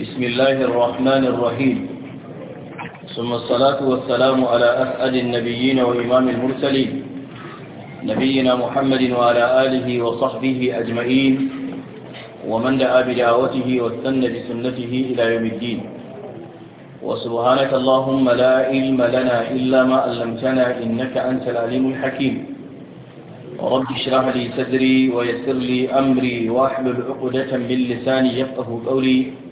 بسم الله الرحمن الرحيم ثم الصلاة والسلام على أسأل النبيين وإمام المرسلين نبينا محمد وعلى آله وصحبه أجمعين ومن دعا بدعوته واستنى بسنته إلى يوم الدين وسبحانك اللهم لا علم لنا إلا ما علمتنا إنك أنت العليم الحكيم رب اشرح لي صدري ويسر لي أمري واحلل عقدة من لساني يفقه قولي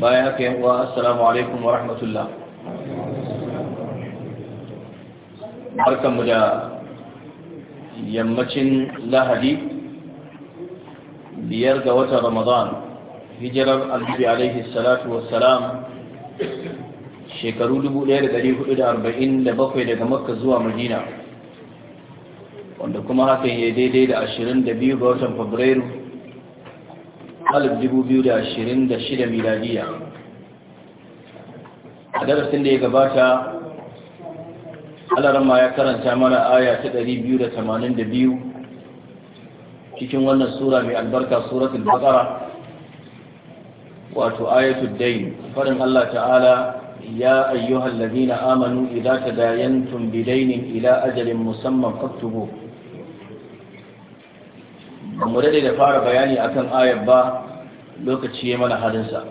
bayan haka yan uwa assalamu alaikum wa rahmatullah barkanmu da yammacin lahadi biyar ga watan ramadan hijirar albibi alaihi salatu wassalam shekaru 1447 daga makka zuwa madina wanda kuma hakan ya daidai da 22 ga watan fabrairu 2026 miladiya a darasin da ya gabata alarama ya karanta mana aya ta 282 cikin wannan sura mai albarka suratul bakara wato ayatul dain farin Allah ta'ala ya ayyuhal ladina amanu idza tadayantum bidaynin ila ajalin musamman faktubuhu ba mu dade da fara bayani akan ayar ba lokaci ya mana halinsa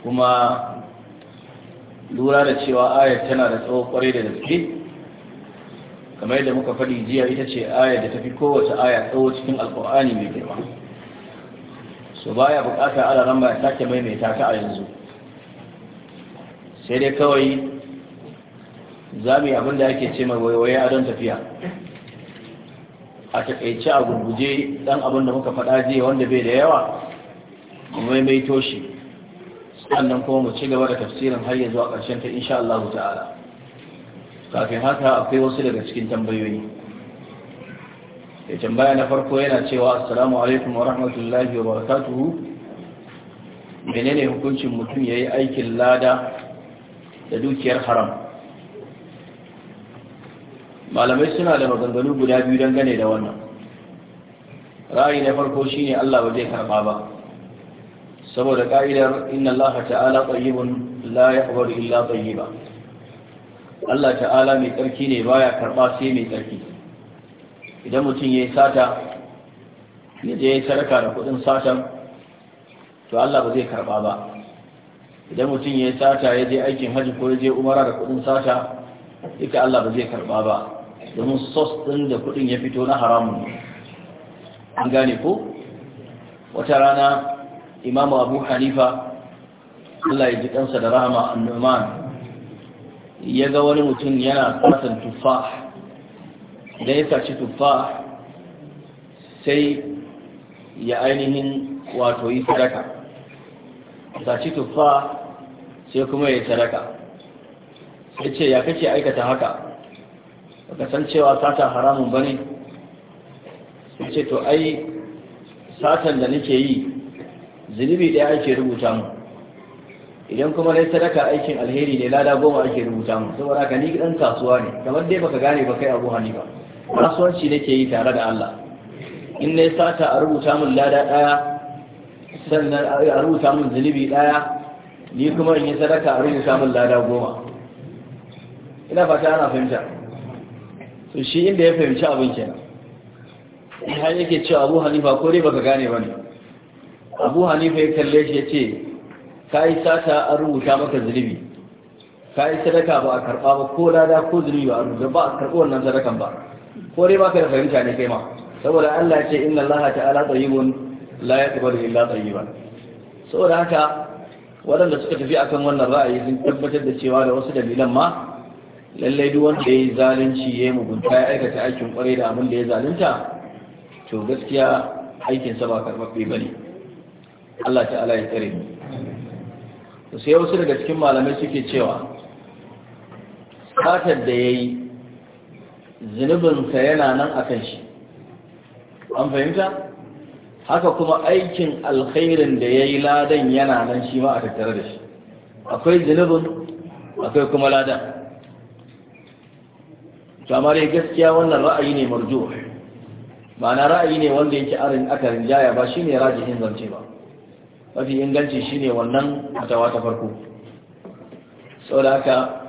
kuma lura da cewa ayar tana da tsawo kwarai da gaske kamar yadda muka faɗi jiya ita ce ayar da tafi kowace aya tsawo cikin alkur'ani mai girma so baya bukata ala ramba ya sake maimaita ta a yanzu sai dai kawai za mu yi abin da ake ce mai waiwaye a don tafiya a takaice a gurguje ɗan abin da muka faɗa jiya wanda bai da yawa mu maimaito shi sannan kuma mu ci gaba da tafsirin har ya a ƙarshen ta insha Allah ta'ala kafin haka akwai wasu daga cikin tambayoyi ya tambaya na farko yana cewa assalamu alaikum wa rahmatullahi wa barakatuhu menene hukuncin mutum ya yi aikin lada da dukiyar haram malamai suna da maganganu guda biyu dangane da wannan ra'ayi na farko shine Allah ba zai karba ba saboda ka'idar inna Allah ta'ala tayyibun la yaqbalu illa tayyiba Allah ta'ala mai tsarki ne baya karba sai mai tsarki idan mutum yayi sata ya je ya sarka da kudin satan to Allah ba zai karba ba idan mutum yayi sata ya je aikin haji ko ya je umara da kudin sata duka Allah ba zai karba ba domin sos ɗin da kuɗin ya fito na haramun an gane ko wata rana Imam abu hanifa Allah ya ji kansa da rahama annuman ya ga wani mutum yana fatan tuffa da ya saci tuffa sai ya ainihin wato yi sadaka saci tuffa sai kuma ya sadaka sai ce ya kace aikata haka baka san cewa sata haramun bane sai ce to ai satan da nake yi zunubi ɗaya ake rubuta mu idan kuma dai sadaka aikin alheri ne lada goma ake rubuta mu saboda ka ni dan kasuwa ne kamar dai baka gane ba kai Abu Hanifa kasuwanci nake yi tare da Allah in ne sata a rubuta mun lada daya sannan a rubuta mun zunubi daya ni kuma in yi sadaka a rubuta mun lada goma ina fata ana fahimta so shi inda ya fahimci abin kenan har yake ce abu hanifa ko dai baka gane bane abu hanifa ya kalle shi ya ce ka yi sata an rubuta maka zunubi ka yi sadaka ba a karɓa ba ko lada ko zunubi ba a rubuta ba a karɓi wannan sadakan ba ko dai baka da fahimta ne kai ma saboda Allah ya ce inna Allah ta'ala tayyibun la yaqbalu illa tayyiban saboda haka waɗanda suka tafi akan wannan ra'ayi sun tabbatar da cewa da wasu dalilan ma lallai duk wanda ya yi zalunci ya yi mugunta ya aikata aikin kwarai da abin da ya zalunta to gaskiya aikinsa ba karɓaɓɓe ba ne Allah ta'ala ya tsare mu to sai wasu daga cikin malamai suke cewa satar da ya yi zunubinsa yana nan a kan shi an fahimta haka kuma aikin alkhairin da ya yi ladan yana nan shi ma a tattare da shi akwai zunubin akwai kuma ladan to amma dai gaskiya wannan ra'ayi ne marjuh ma'ana ra'ayi ne wanda yake arin aka rinjaya ba shine rajihin zance ba mafi inganci shine wannan fatawa ta farko saboda haka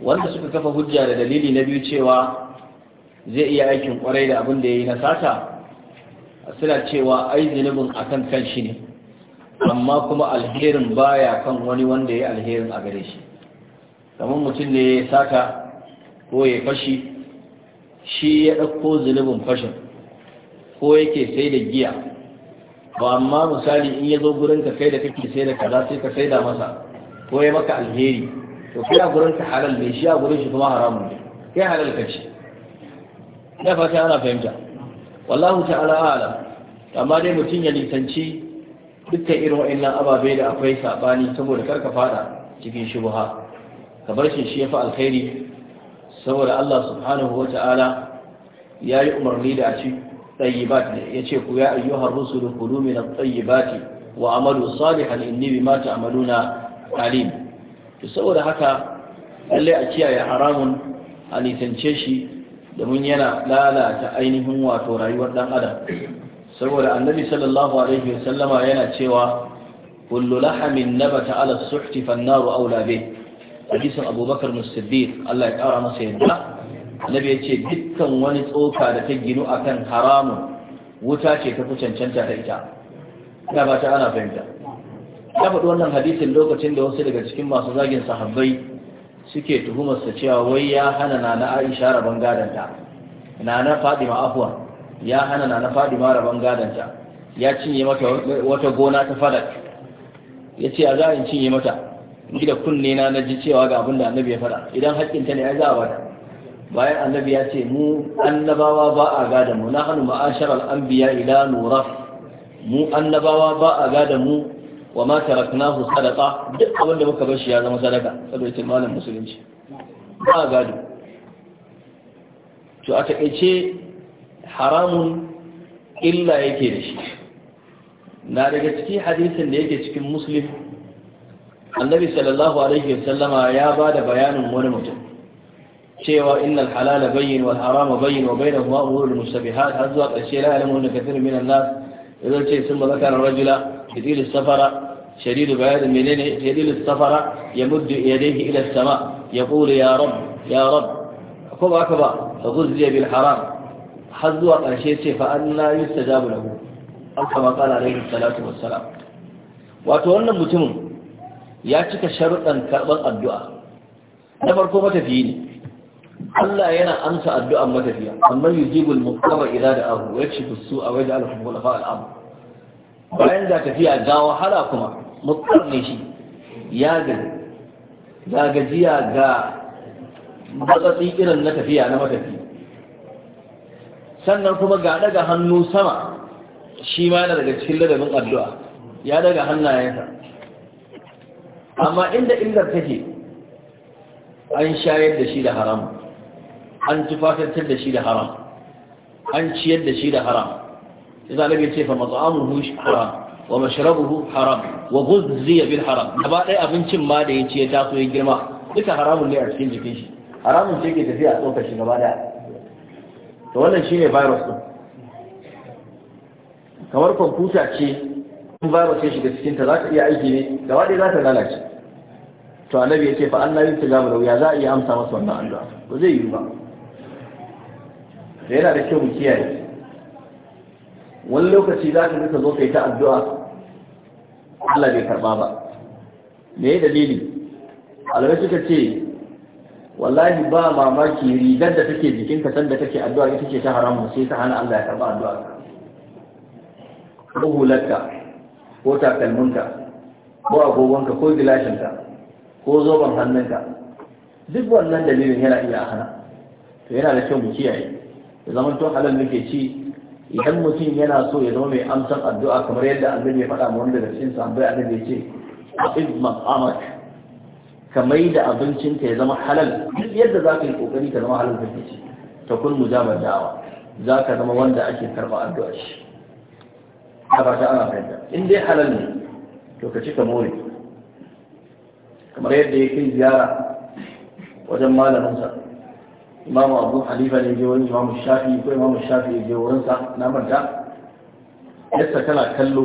wanda suka kafa hujja da dalili na biyu cewa zai iya aikin kwarai da abin da ya yi na sata suna cewa ai zunubin akan kan shi ne amma kuma alherin baya kan wani wanda ya yi alherin a gare shi kamar mutum ne ya sata ko ya fashi shi ya ɗauko zunubin fashin ko yake sai da giya ba amma misali in ya zo gurin ka kai da kake sai da kaza sai ka sai da masa ko ya maka alheri to kai a gurin ka halal ne shi a gurin shi kuma haramun ne kai halal ka ce ina fata ana fahimta wallahu ta'ala a'lam amma dai mutum ya nisanci dukkan irin wa'annan ababe da akwai sabani saboda karka fada cikin shubha ka bar shi shi ya yafi alheri? saboda Allah subhanahu wata'ala ya yi umarni da a ci tsayibat ya ce ku ya ayyuhar rusulun kudu min tsayibati wa amalu salihan inni bima ta'maluna alim to saboda haka lalle a kiyaye haramun a shi shi mun yana lalata ainihin wato rayuwar dan adam saboda annabi sallallahu alaihi wasallama yana cewa kullu lahamin nabata ala suhti fannaru aula bih hadisin abubakar musaddiq Allah ya kara masa yadda annabi ya ce dukkan wani tsoka da ta ginu akan haramun wuta ce ta fi cancanta ta ita ina ba ta ana fahimta ya faɗi wannan hadisin lokacin da wasu daga cikin masu zagin sahabbai suke tuhumar sa cewa wai ya hana na na Aisha rabon gadanta na na Fadima afwan ya hana na na Fadima rabon gadanta ya cinye mata wata gona ta fadak ya ce a za in cinye mata ni da kunne na naji cewa ga abin da annabi ya faɗa idan haƙƙin ta ne ai za a bada bayan annabi ya ce mu annabawa ba a gada mu na hannu ma'asharar anbiya ila nuraf mu annabawa ba a gada mu wa ma taraknahu sadaka duk abin da muka bar shi ya zama sadaka saboda ce malam musulunci ba a gado to a taƙaice haramun illa yake da shi na daga ciki hadisin da yake cikin musulun. annabi sallallahu alaihi wasallama ya ba da bayanin wani mutum cewa innal halala bayyin wal harama bayyin wa bainahuma umurul mustabihat har zuwa ƙarshe la ya'lamu anna kathirun minan nas idan ce sun ba zakara rajula yadilu safara shadidu bayan menene yadilu safara yamuddu yadayhi ila as-sama yaqulu ya rab ya rab ko ba ka ba fa guzziya bil haram har zuwa ƙarshe ce fa anna yustajabu lahu an kama qala alaihi salatu wassalam wato wannan mutumin ya cika sharuɗan karɓar addu'a na farko matafiyi ne Allah yana amsa addu'an matafiya amma yujibul muqama ila da abu ya ci fusu a waje wajen alhubbul fa al'am bayan da tafiya ga wahala kuma muqam ne shi ya gaji ga gajiya ga matsatsi irin na tafiya na matafi sannan kuma ga daga hannu sama shi ma yana daga cikin ladabin addu'a ya daga hannayensa amma inda illar take an shayar da shi da haram an tufafantar da shi da haram an ciyar da shi da haram idan nabi ce fa mat'amuhu haram wa mashrabuhu haram wa ghuzziya bil haram gaba ɗaya abincin ma da ya ci ya taso ya girma duka haramun ne a cikin jikin shi haramun ce ke tafiya a tsokar shi gaba ɗaya to wannan shi ne virus din kamar kwamfuta ce in virus ya shiga cikinta za ta iya aiki ne gaba ɗaya za ta lalace to annabi ya ce fa Allah yin tijabu da wuya za a iya amsa masa wannan addu'a ba zai yi ba da yana da kyau mu kiyaye wani lokaci za ka ka zo kai ta addu'a Allah bai karba ba me ya dalili alwai suka ce wallahi ba mamaki rigar da take jikinka sanda kake addu'a ita ce ta haramu sai ta hana Allah ya karba addu'a ko hularta, ko takalminka ko agogonka ko gilashinka ko zoben hannunka duk wannan dalilin yana iya hana to yana da kyau mu kiyaye Da zama to halal muke ci idan mutum yana so ya zama mai amsar addu'a kamar yadda annabi ya faɗa ma wanda da cikin sahabbai annabi ya ce aqib maqamak kamai da abincinka ya zama halal duk yadda za ka yi kokari ka zama halal kake ci ta kun mujabar da'awa za ka zama wanda ake karɓa addu'a shi a ba ta ana fahimta in dai halal ne to ka ci ka more kamar yadda ya kai ziyara wajen malaminsa imamu abu halifa ne je wurin imamu shafi ko imamu shafi ya je wurinsa na manta yadda kana kallo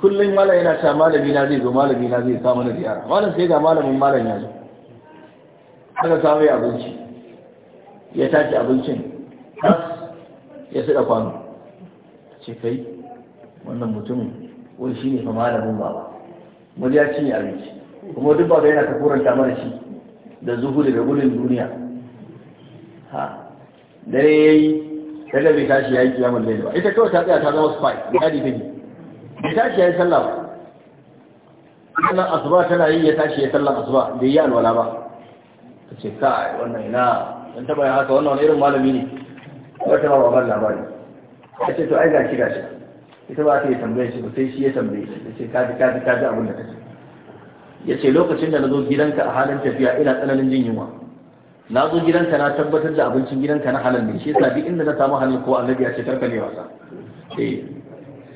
kullum malam yana cewa malami na zai zo malami na zai samu na ziyara malam sai ga malamin malam ya zo aka samu abinci ya tashi abincin ya suka kwano ce kai wannan mutumin wani shi ne fa malamin baba mu ya cinye abinci kuma duk ba yana ta kuranta mana shi da zuhu daga gudun duniya ha dare ya yi daga bai tashi ya yi layl ba ita kawai ta tsaya ta zama spy ya di gani bai tashi ya yi sallah ba sallan asuba tana yi ya tashi ya sallan asuba bai yi alwala ba ta ce kai wannan ina don taba haka wannan irin malami ne ta ba wannan labari ta ce to ai ga shi ita ba ta yi tambaye shi ba sai shi ya tambaye shi ta ce kaji ka ji abin da ta ce ya ce lokacin da na zo gidanka a halin tafiya ina tsananin jin yunwa na zo gidanka na tabbatar da abincin gidanka na halin ne shi yasa duk inda na samu halin ko annabi ya ce karka ne wasa eh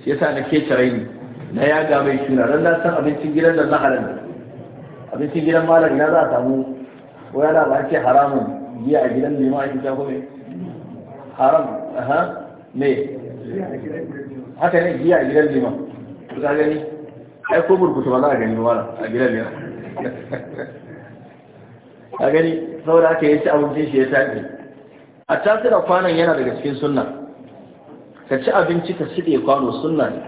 shi yasa na ke cirai ni na yaga mai shuna don na san abincin gidan da na halin abincin gidan malam ina za a samu ko yana ba ce haramun biya a gidan ma a cikin kome haram aha me haka ne biya a gidan lima kusa gani ai ko burkutu ba za a gani ba, a gidan ne a gani saboda aka yi ci abincin shi ya tafi a da kwanan yana daga cikin sunna ka ci abinci ka shiɗe kwano sunna ne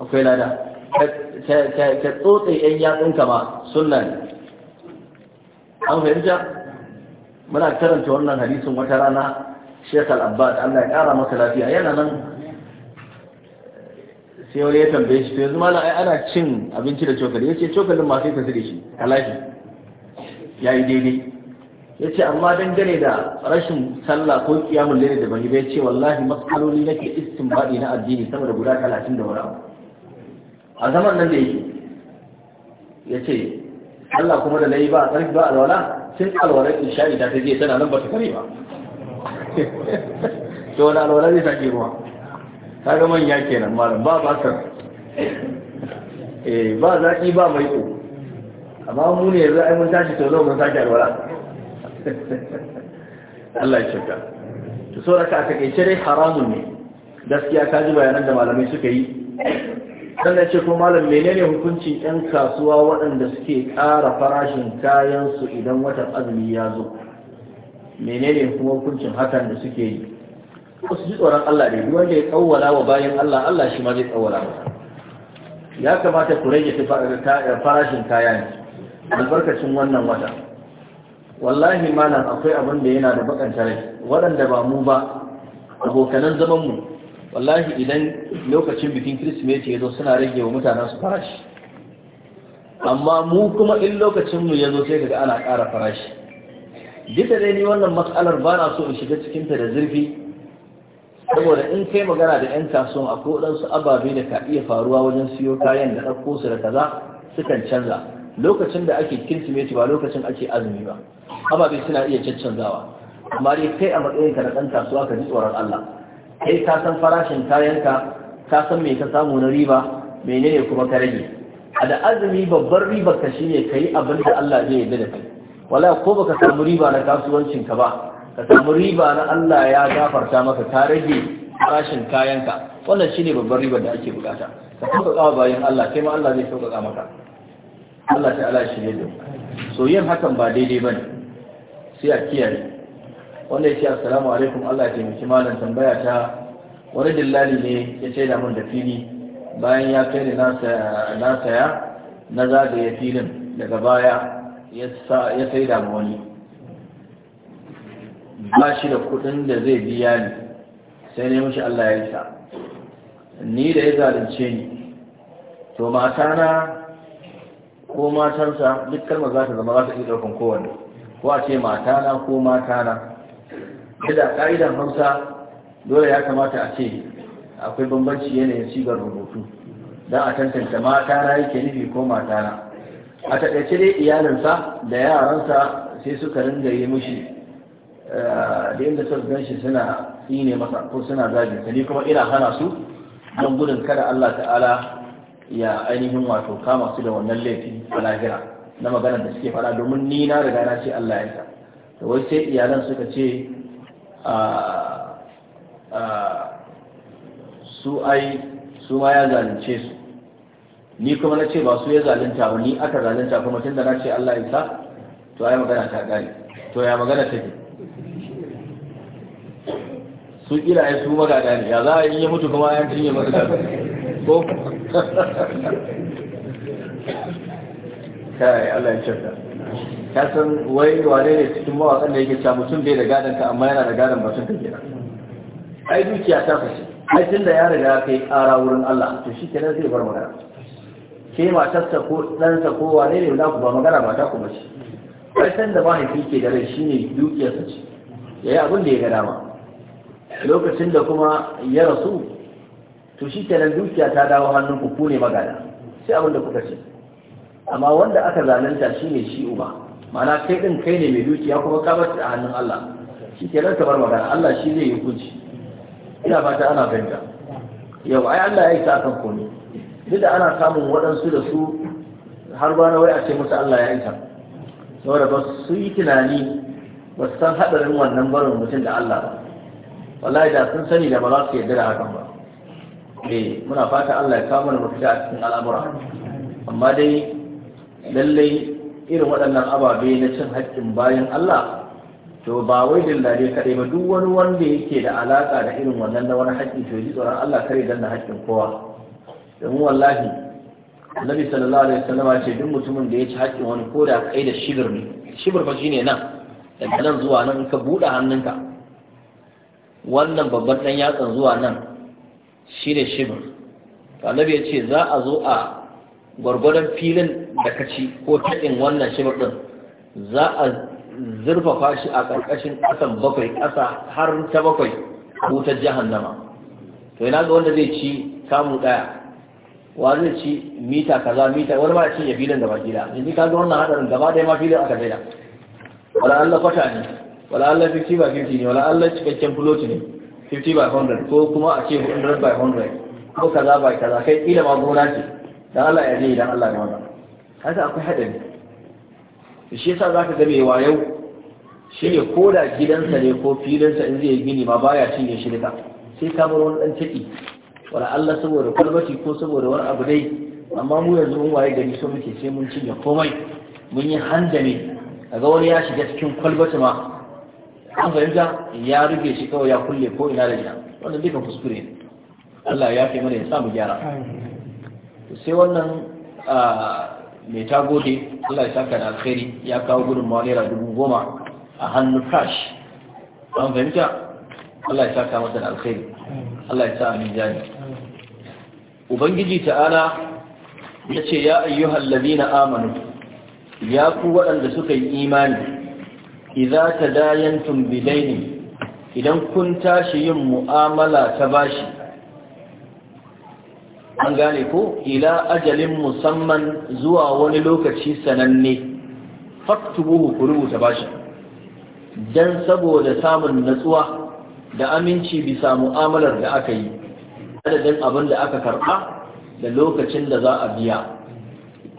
akwai lada ka tsotsa yan yatsunka ma sunna ne an fahimta muna karanta wannan hadisin wata rana shekar abbas allah ya ƙara masa lafiya yana nan sai wani ya tambaye shi to yanzu malam ai ana cin abinci da cokali yace cokalin ma sai ka zire shi kalashi yayi daidai yace amma dangane da rashin sallah ko kiyamul layl da bani bai ce wallahi matsaloli nake istinbadi na addini sama da guda 30 da wani a zaman nan da yake yace Allah kuma da nayi ba tsarki ba alwala sun alwala isha'i ta je tana nan ba ta kare ba to wani alwala zai sake ruwa kaga manya kenan malam ba ba san eh ba ki ba mai ko amma mu ne yanzu ai mun tashi to zo mun sake alwala Allah ya shaka to so raka take dai haramun ne gaskiya ka ji bayanan da malamai suka yi dan da ce ko malam menene hukuncin yan kasuwa waɗanda suke ƙara farashin kayan su idan watan azumi ya zo menene kuma hukuncin hakan da suke yi ko su ji tsoron Allah ne duk wanda ya tsawwala wa bayan Allah Allah shi ma zai tsawwala masa ya kamata ku rage farashin kaya ne albarkacin wannan wata wallahi malam akwai abin da yana da bakan rai waɗanda ba mu ba abokanan zaman mu wallahi idan lokacin bikin kirsimeti ya zo suna rage wa mutanen su farashi amma mu kuma in lokacin mu ya zo sai kaga ana ƙara farashi duk da dai ni wannan matsalar ba na so in shiga cikinta da zurfi saboda in kai magana da 'yan kasuwan a kodansu ababe da ka iya faruwa wajen siyo kayan da ɗauko su da kaza sukan canza lokacin da ake kirsimeti ba lokacin ake azumi ba ababe suna iya caccanzawa amma dai kai a matsayin ka na ɗan kasuwa ka ji tsoron Allah kai ka san farashin kayanka ka san me ka samu na riba menene kuma ka rage a da azumi babbar ribar ka shine kai abin da Allah zai yarda da kai wala ko baka samu riba na kasuwancin ka ba ka samu riba na Allah ya gafarta maka ta rage farashin kayanka wannan shine babbar riba da ake bukata ka sauƙaƙa bayan Allah kai ma Allah zai sauƙaƙa maka Allah ta ala ne da so yin hakan ba daidai ba ne sai a kiyaye wanda ya ce assalamu alaikum Allah ya taimaki malam tambaya ta wani dillali ne ya ce da mun da fili bayan ya kai ni na saya na zagaya filin daga baya ya sai da wani ba shi da kudin da zai biya ni sai ne mashi Allah ya isa ni da ya zalunce ni to matana ko matansa duk kalma za ta zama za ta iya ɗaukan kowanne ko a ce matana ko matana da ƙa'idan hausa dole ya kamata a ce akwai bambanci yanayin cigar rubutu don a tantance matana yake nufi ko matana a taƙaice dai iyalinsa da yaransa sai suka ringa yi mushi Eh, da yadda sun gan shi suna tsine masa ko suna zagi ta ni kuma ina hana su don gudun kada Allah ta'ala ya ainihin wato kama su da wannan laifi a lahira na magana da suke fara domin ni na riga na ce Allah ya sa to wai sai iyalan suka ce ah, ah, su ai su ma ya zalunce su ni kuma na ce ba su ya zalunta ba ni aka zalunta kuma tun da na ce Allah ya sa to ai magana ta gari to ya magana take su iyaye su magada ne ya za a yi mutu kuma yan cinye masu gado ko kai Allah ya shirka ka san wai wane ne cikin mawaƙan da yake cewa mutum bai da gadon ka amma yana da gadon batun ka gida ai dukiya ta fashe ai tun da ya riga kai ƙara wurin Allah to shi kenan zai bar magana ke matarsa ko ɗansa ko wane ne za ku ba magana mata kuma mace ai san da mahaifi ke da rai shine dukiyarsa ce Ya yi abin da ya ga dama lokacin da kuma ya rasu to shi kenan dukiya ta dawo hannun ku ku ne magana sai abin da kuka ce amma wanda aka zalunta shi ne shi uba mana kai din kai ne mai dukiya kuma ka bar a hannun Allah shi kenan ka bar magana Allah shi zai yi hukunci ina fata ana fahimta yau ai Allah ya yi ta kan kone. duk da ana samun waɗansu da su har ba na wai a ce musu Allah ya yi ta saboda ba su yi tunani ba su san haɗarin wannan barin mutum da Allah ba wallahi da sun sani da ba za su yarda da hakan ba eh muna fata Allah ya kawo mana mafita a cikin al'amura amma dai lallai irin waɗannan ababe na cin haƙƙin bayan Allah to ba wai dillare kaɗai ba duk wani wanda yake da alaƙa da irin wannan na wani haƙƙi to ji tsoron Allah kare danna haƙƙin kowa domin wallahi Annabi sallallahu alaihi wasallam ce duk mutumin da ya ci haƙƙin wani ko da kai da shibir ne shibir fa shine nan daga nan zuwa nan ka buɗe hannunka wannan babban ɗan yatsan zuwa nan shi ne shibir annabi ya ce za a zo a gwargwadon filin da ka ci ko taɗin wannan shibir ɗin za a zurfafa shi a ƙarƙashin ƙasan bakwai ƙasa har ta bakwai wutar jahannama to yana ga wanda zai ci kamun ɗaya wa zai ci mita kaza mita wani ma ci ya filin gaba gida yanzu ka ga wannan haɗarin gaba ɗaya ma filin aka daida wala Allah kwata ne wala Allah 50 by 50 ne wala Allah cikakken fuloti ne 50 by 100 ko kuma a ce 100 by 100 ko kaza by kaza kai ila ma gona ce dan Allah ya je dan Allah ya wada kaga akwai hadari shi yasa zaka ga mai wayau shi ne ko da gidansa ne ko filinsa in zai gini ma baya cinye shi duka sai ka bar wani dan ciki wala Allah saboda kwalbati ko saboda wani abu dai amma mu yanzu mun waye gari so muke sai mun cinye komai mun yi handame ga wani ya shiga cikin kwalbati ma an fahimta ya rufe shi kawai ya kulle ko ina da ina wanda duka kuskure ne Allah ya kai mana ya samu gyara sai wannan mai tagode Allah ya saka da alkhairi ya kawo gudunmawa naira dubu goma a hannun kash an fahimta Allah ya saka masa da alkhairi Allah ya sa amin jani ubangiji ta'ala ya ce ya ayyuhal ladina amanu ya ku waɗanda suka yi imani dayan tadayantum ne idan kun tashi yin mu'amala ta bashi an gane ko ila ajalin musamman zuwa wani lokaci sananne faktubuhu ku rubuta bashi dan saboda samun natsuwa da aminci bisa mu'amalar da aka yi adadin abin da aka karba da lokacin da za a biya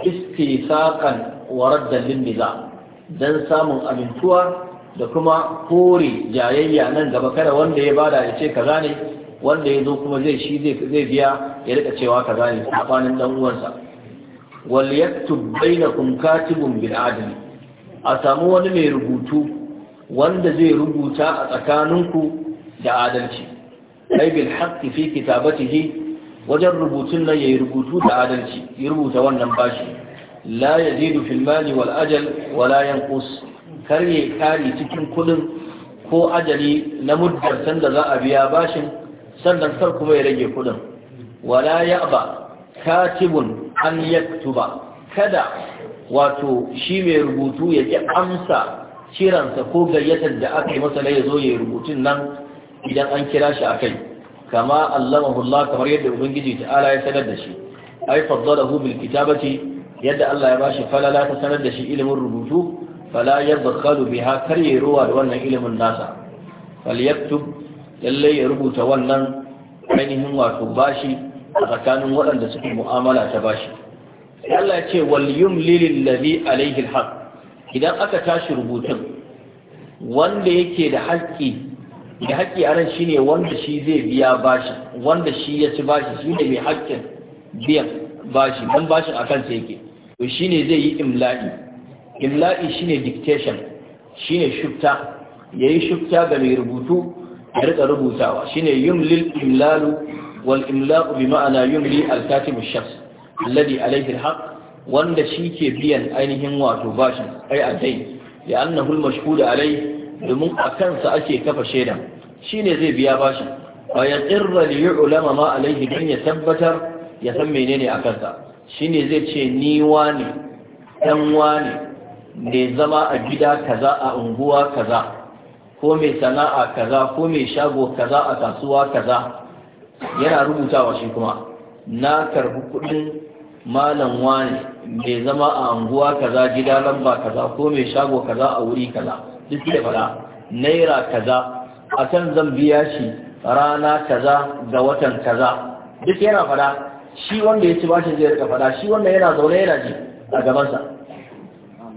istisaqan saƙan raddan lin niza don samun amintuwa da kuma kore jayayya nan gaba kada wanda ya bada ya ce kaza ne wanda ya zo kuma zai shi zai biya ya rika cewa kaza ne sabanin dan uwansa wal yaktub bainakum katibun bil adl a samu wani mai rubutu wanda zai rubuta a tsakaninku da adalci kai bil haqqi fi kitabatihi wajen rubutun nan yayi rubutu da adalci ya rubuta wannan bashi la yazidu fil mali wal ajal wala yanqus kar ya cikin kudin ko ajali na muddar sanda za a biya bashin sannan kar kuma ya rage kudin wala ya'ba katibun an yaktuba kada wato shi mai rubutu ya ki amsa kiransa ko gayyatar da aka yi masa na ya zo ya rubutun nan idan an kira shi a kai kama allamahu hula kamar yadda ubangiji ta'ala ya sanar da shi ai faddalahu bil kitabati yadda Allah ya bashi falala ta sanar da shi ilimin rubutu fala yadkhalu biha kar ya ruwa da wannan ilimin nasa falyaktub lalle ya rubuta wannan ainihin wato bashi a tsakanin waɗanda suke mu'amala ta bashi Allah ya ce wal yumlil ladhi alayhi alhaq idan aka tashi rubutun wanda yake da haƙƙi da haƙƙi a nan shine wanda shi zai biya bashi wanda shi ya ci bashi shi ne mai haƙƙin biyan bashi dan bashin a kansa yake to ne zai yi imla'i imla'i shine dictation shine shufta yayi shufta ga mai rubutu ya rika rubutawa shine yumlil imlalu wal imla'u bi ma'ana yin al-katib ash-shakhs alladhi alayhi al-haq wanda shike biyan ainihin wato bashin ai adai da annahu al-mashhud domin a kansa ake kafa Shi shine zai biya bashin fa yaqirra li yu'lama ma alaihi dan ya tabbatar ya san menene a kansa shine zai ce ni ne ɗan ne mai zama a gida kaza a unguwa kaza ko mai sana'a kaza ko mai shago kaza a kasuwa kaza yana rubutawa shi kuma na karbi kudin malam ne mai zama a unguwa kaza gida lamba kaza ko mai shago kaza a wuri kaza duk da fara naira kaza akan zan biya shi rana kaza ga watan kaza duk yana fara shi wanda ya ci bashin zai rika fada shi wanda yana zaune yana ji a gabansa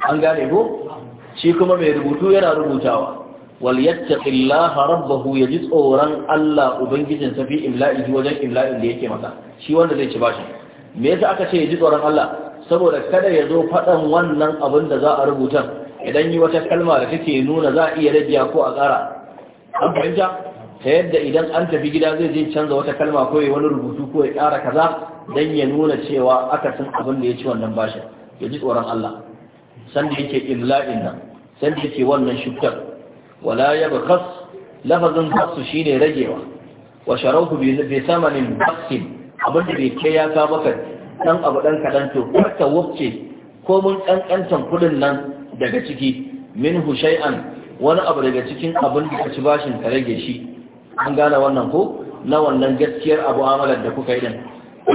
an gane ko shi kuma mai rubutu yana rubutawa wal yattaqillaha rabbahu yaji tsoron Allah ubangijin sa fi imla'i wajen imla'in da yake masa shi wanda zai ci bashin me yasa aka ce yaji tsoron Allah saboda kada ya zo fadan wannan abin da za a rubuta idan yi wata kalma da take nuna za a iya rajiya ko a ƙara an fahimta ta yadda idan an tafi gida zai je canza wata kalma ko ya wani rubutu ko ya ƙara kaza dan ya nuna cewa akasin abin da ya ci wannan bashin ya ji tsoron Allah san da yake imla'in nan san da yake wannan shukar wala ya bakas lafazin kasu shine ragewa wa sharauku bi samanin baksin abin da bai kai ya ka maka dan abu dan kaɗan to ka wuce ko mun kankantan kuɗin nan daga ciki minhu shay'an wani abu daga cikin abin da ka ci bashin ka rage shi an gane wannan ko na wannan gaskiyar abu amalar da kuka yi din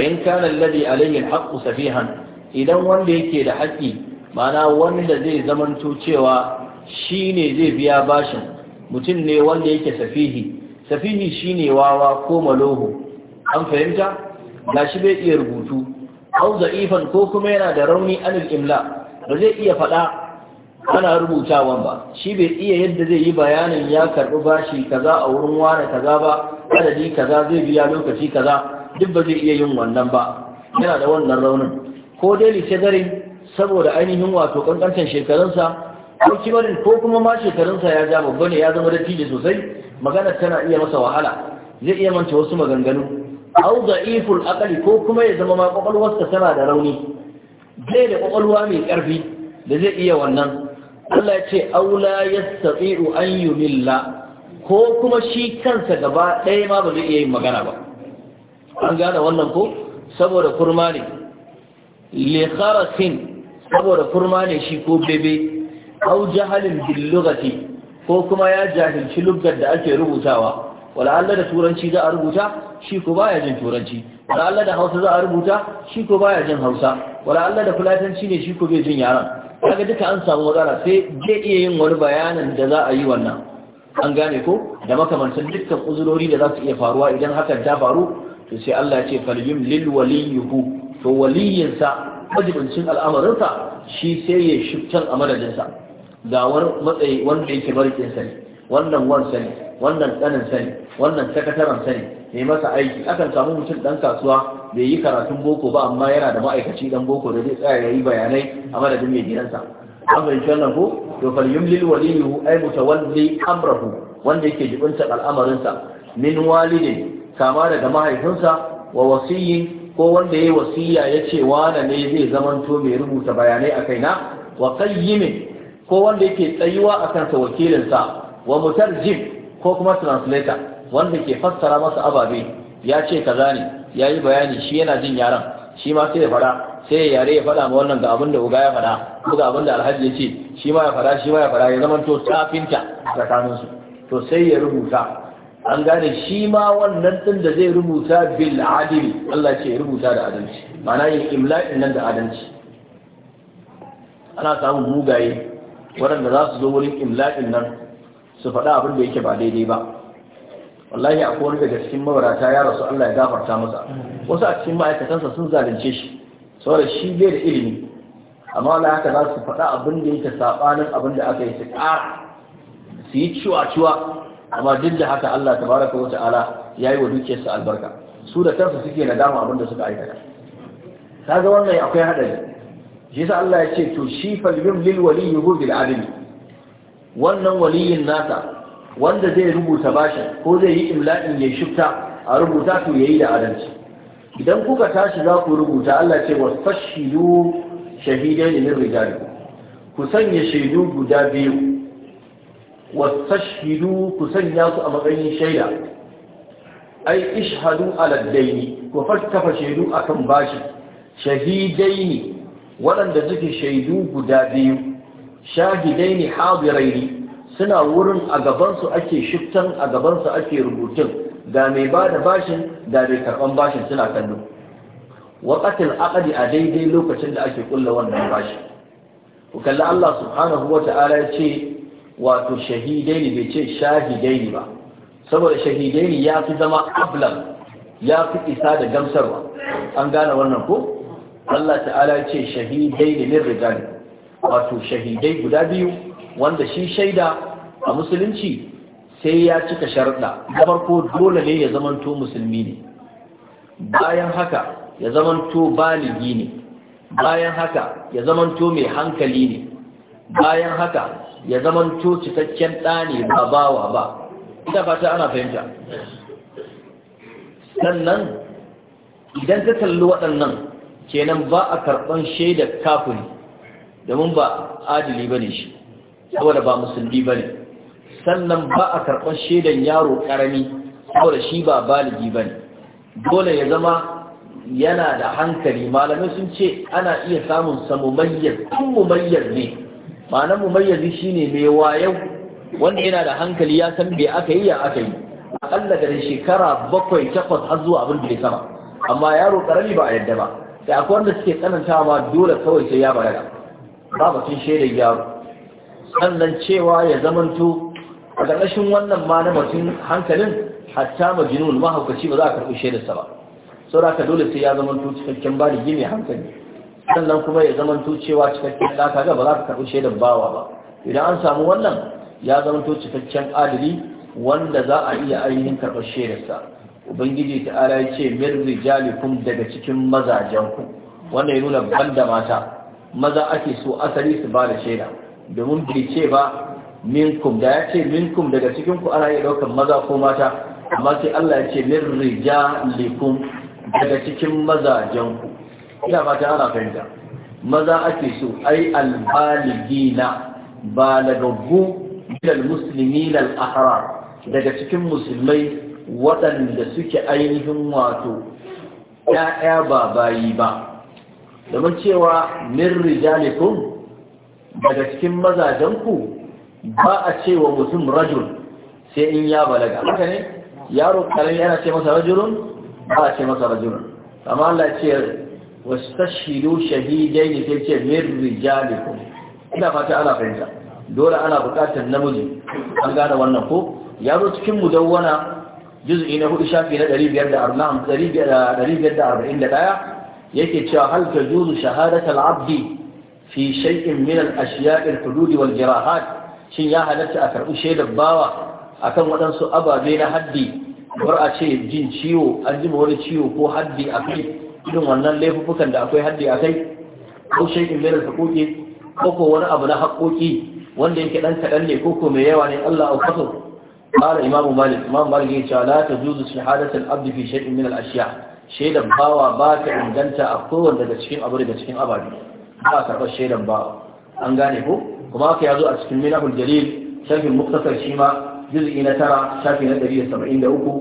in kana alladhi alayhi alhaqu safihan idan wanda yake da haƙi ma'ana wanda zai zamanto cewa shine zai biya bashin mutum ne wanda yake safihi safihi shine wawa ko maloho an fahimta gashi bai iya rubutu au za'ifan ko kuma yana da rauni anil imla ba zai iya faɗa ana rubutawa ba shi bai iya yadda zai yi bayanin ya karɓi bashi kaza a wurin wane kaza ba adadi kaza zai biya lokaci kaza duk ba zai iya yin wannan ba yana da wannan raunin ko dai littattare saboda ainihin wato kankancin shekarunsa ko kimanin ko kuma ma shekarunsa ya ja babba ne ya zama dattijo sosai magana tana iya masa wahala zai iya manta wasu maganganu au da'iful Akali ko kuma ya zama ma kwakwalwarsa tana da rauni bai da kwakwalwa mai karfi da zai iya wannan Allah ya ce aula ya yastati'u an lilla. ko kuma shi kansa gaba ɗaya ma ba zai iya yin magana ba an gane wannan ko saboda kurma ne li saboda kurma ne shi ko bebe au jahalin bil ko kuma ya jahilci lugar da ake rubutawa wala Allah da turanci za a rubuta shi ko baya jin turanci wala Allah da Hausa za a rubuta shi ko baya jin Hausa wala Allah da fulatanci ne shi ko bai jin yaran kaga duka an samu matsala sai zai iya yin wani bayanin da za a yi wannan an gane ko da makamantan dukkan uzurori da za su iya faruwa idan hakan ta faru to sai Allah ya ce falyum lil waliyuhu to waliyinsa majibincin al'amarinsa shi sai ya shiftar a madadinsa ga wani matsayi wanda yake barkinsa ne wannan wansa ne wannan ɗaninsa ne wannan sakataren ne ne masa aiki akan samu mutum dan kasuwa bai yi karatun boko ba amma yana da ma'aikaci dan boko da zai tsaya ya yi bayanai a madadin mai gidansa an fahimci wannan ko to fal yumlil waliyuhu ay mutawalli amrahu wanda yake jibinta al'amarinsa min walidin kama daga mahaifinsa wa wasiyyin ko wanda yayi wasiya ya ce ne zai zamanto mai rubuta bayanai a kaina wa qayyimin ko wanda yake tsayuwa akan sa wakilinsa wa mutarjim ko kuma translator wanda ke fassara masa ababe ya ce kaza ne ya yi bayani shi yana jin yaran shi ma sai ya fara sai yare ya faɗa ma wannan ga abin da uga ya fada ko ga abin da alhaji ya ce shi ma ya faɗa shi ma ya faɗa ya zama to tafinta su to sai ya rubuta an gane shi ma wannan ɗin da zai rubuta bil adili Allah ce rubuta da adalci mana yin imla'in nan da adalci ana samun mugaye waɗanda za su zo wurin imla'in nan su faɗa abin da yake ba daidai ba wallahi akwai wani daga cikin mabarata ya rasu Allah ya gafarta masa wasu a cikin ma'aikatansa sun zalunce shi saboda shi bai da ilimi amma wala haka za su faɗa abin da yake sabanin abin da aka yi su ƙara su yi ciwa-ciwa amma duk da haka Allah tabaraka wa ta'ala ya yi wa dukiyarsa albarka su da kansu suke nadama abin da suka aikata kaga wannan akwai haɗari shi yasa Allah ya ce to shi falyum lil waliyyi bil adli wannan waliyin nasa wanda zai rubuta bashin ko zai yi imla'in ya shifta a rubuta to yayi da adalci idan kuka tashi za ku rubuta Allah ce wasfashidu shahidain min rijali ku sanya shaidu guda biyu fashidu ku sanya su a matsayin shaida ai ishhadu ala daini ku fattafa shaidu akan bashi shahidaini waɗanda suke shaidu guda biyu shahidaini hadiraini suna wurin a gabansu ake shiftan a gabansu ake rubutun ga mai ba da bashin da mai karɓan bashin suna kallo waƙatil aƙadi a daidai lokacin da ake ƙulla wannan bashi ku kalli Allah subhanahu wa ta'ala ya ce wato shahidai ne bai ce shahidai ne ba saboda shahidai ne ya fi zama ablan ya fi isa da gamsarwa an gane wannan ko Allah ta'ala ya ce shahidai ne min rijali wato shahidai guda biyu wanda shi shaida a musulunci sai ya cika sharɗa na farko dole ne ya zamanto musulmi ne bayan haka ya zamanto baligi ne bayan haka ya zamanto mai hankali ne bayan haka ya zamanto cikakken ɗa ne ba bawa ba ita fata ana fahimta sannan idan ka kalli waɗannan kenan ba a karɓar shaidar kafin domin ba adili ba ne shi saboda ba musulmi ba ne sannan ba a karɓar shaidan yaro ƙarami saboda shi ba baligi ba ne dole ya zama yana da hankali malamai sun ce ana iya samun sa mumayyar tun mumayyar ne ma'ana mumayyar shine mai wayau wanda yana da hankali ya san bai aka yi ya aka yi akalla da shekara bakwai takwas har zuwa abin da ya sama amma yaro ƙarami ba a yadda ba sai akwai wanda suke tsananta ma dole kawai sai ya bayyana ba mutum shaidan yaro sannan cewa ya zamanto a ƙarƙashin wannan ma na mutum hankalin hatta majinun mahaukaci ba za a karɓi shaidarsa ba saboda dole sai ya zamanto cikakken baligi gini hankali sannan kuma ya zamanto cewa cikakken ɗaka ga ba za ka karɓi shaidar bawa ba idan an samu wannan ya zamanto cikakken adali wanda za a iya ainihin karɓar shaidarsa ubangiji ta ala ya ce min rijalikum daga cikin mazajen ku wannan ya nuna ban da mata maza ake so asali su ba da shaida domin bai ce ba minkum da ya ce minkum daga cikinku ana iya ɗaukar maza ko mata amma sai Allah ya ce min rijalikum daga cikin mazajenku, ina fata ana fahimta maza ake so ai albaligina balagaggu minal muslimin al ahrar daga cikin musulmai waɗanda suke ainihin wato ‘ya'ya ba bayi ba domin cewa min rijalikum daga cikin mazajenku ba a ce wa mutum rajul sai in ya balaga haka ne yaro karami ana ce masa rajulun ba a ce masa rajulun amma Allah ce wasu wastashhidu shahidain sai ce min ku. ina fata ana fahimta dole ana bukatar namiji an gane wannan ko yaro cikin mudawwana juz'i na hudu shafi na 541 yake cewa hal tajuzu shahadatul abdi fi shay'in min al-ashiya' al-hudud wal jirahat shin ya halatta a karɓi shaidar bawa a kan waɗansu ababe na haddi bar a ce jin ciwo an jima wani ciwo ko haddi a kai irin wannan laifukan da akwai haddi a kai ko shaikin mai da ko ko wani abu na haƙoƙi wanda yake ɗan kaɗan ne ko ko mai yawa ne Allah a kwaso ƙara imamu malik imamu malik ya ce la ta juzu shahadatul abdi fi shay'in min ashiya shaidan bawa ba ta inganta a kowanne daga cikin abu daga cikin ababe ba a karɓar shaidan bawa an gane ko kuma aka ya zo a cikin minahul jalil shafin muktasar shi ma juz'i na tara shafi na ɗari da saba'in da uku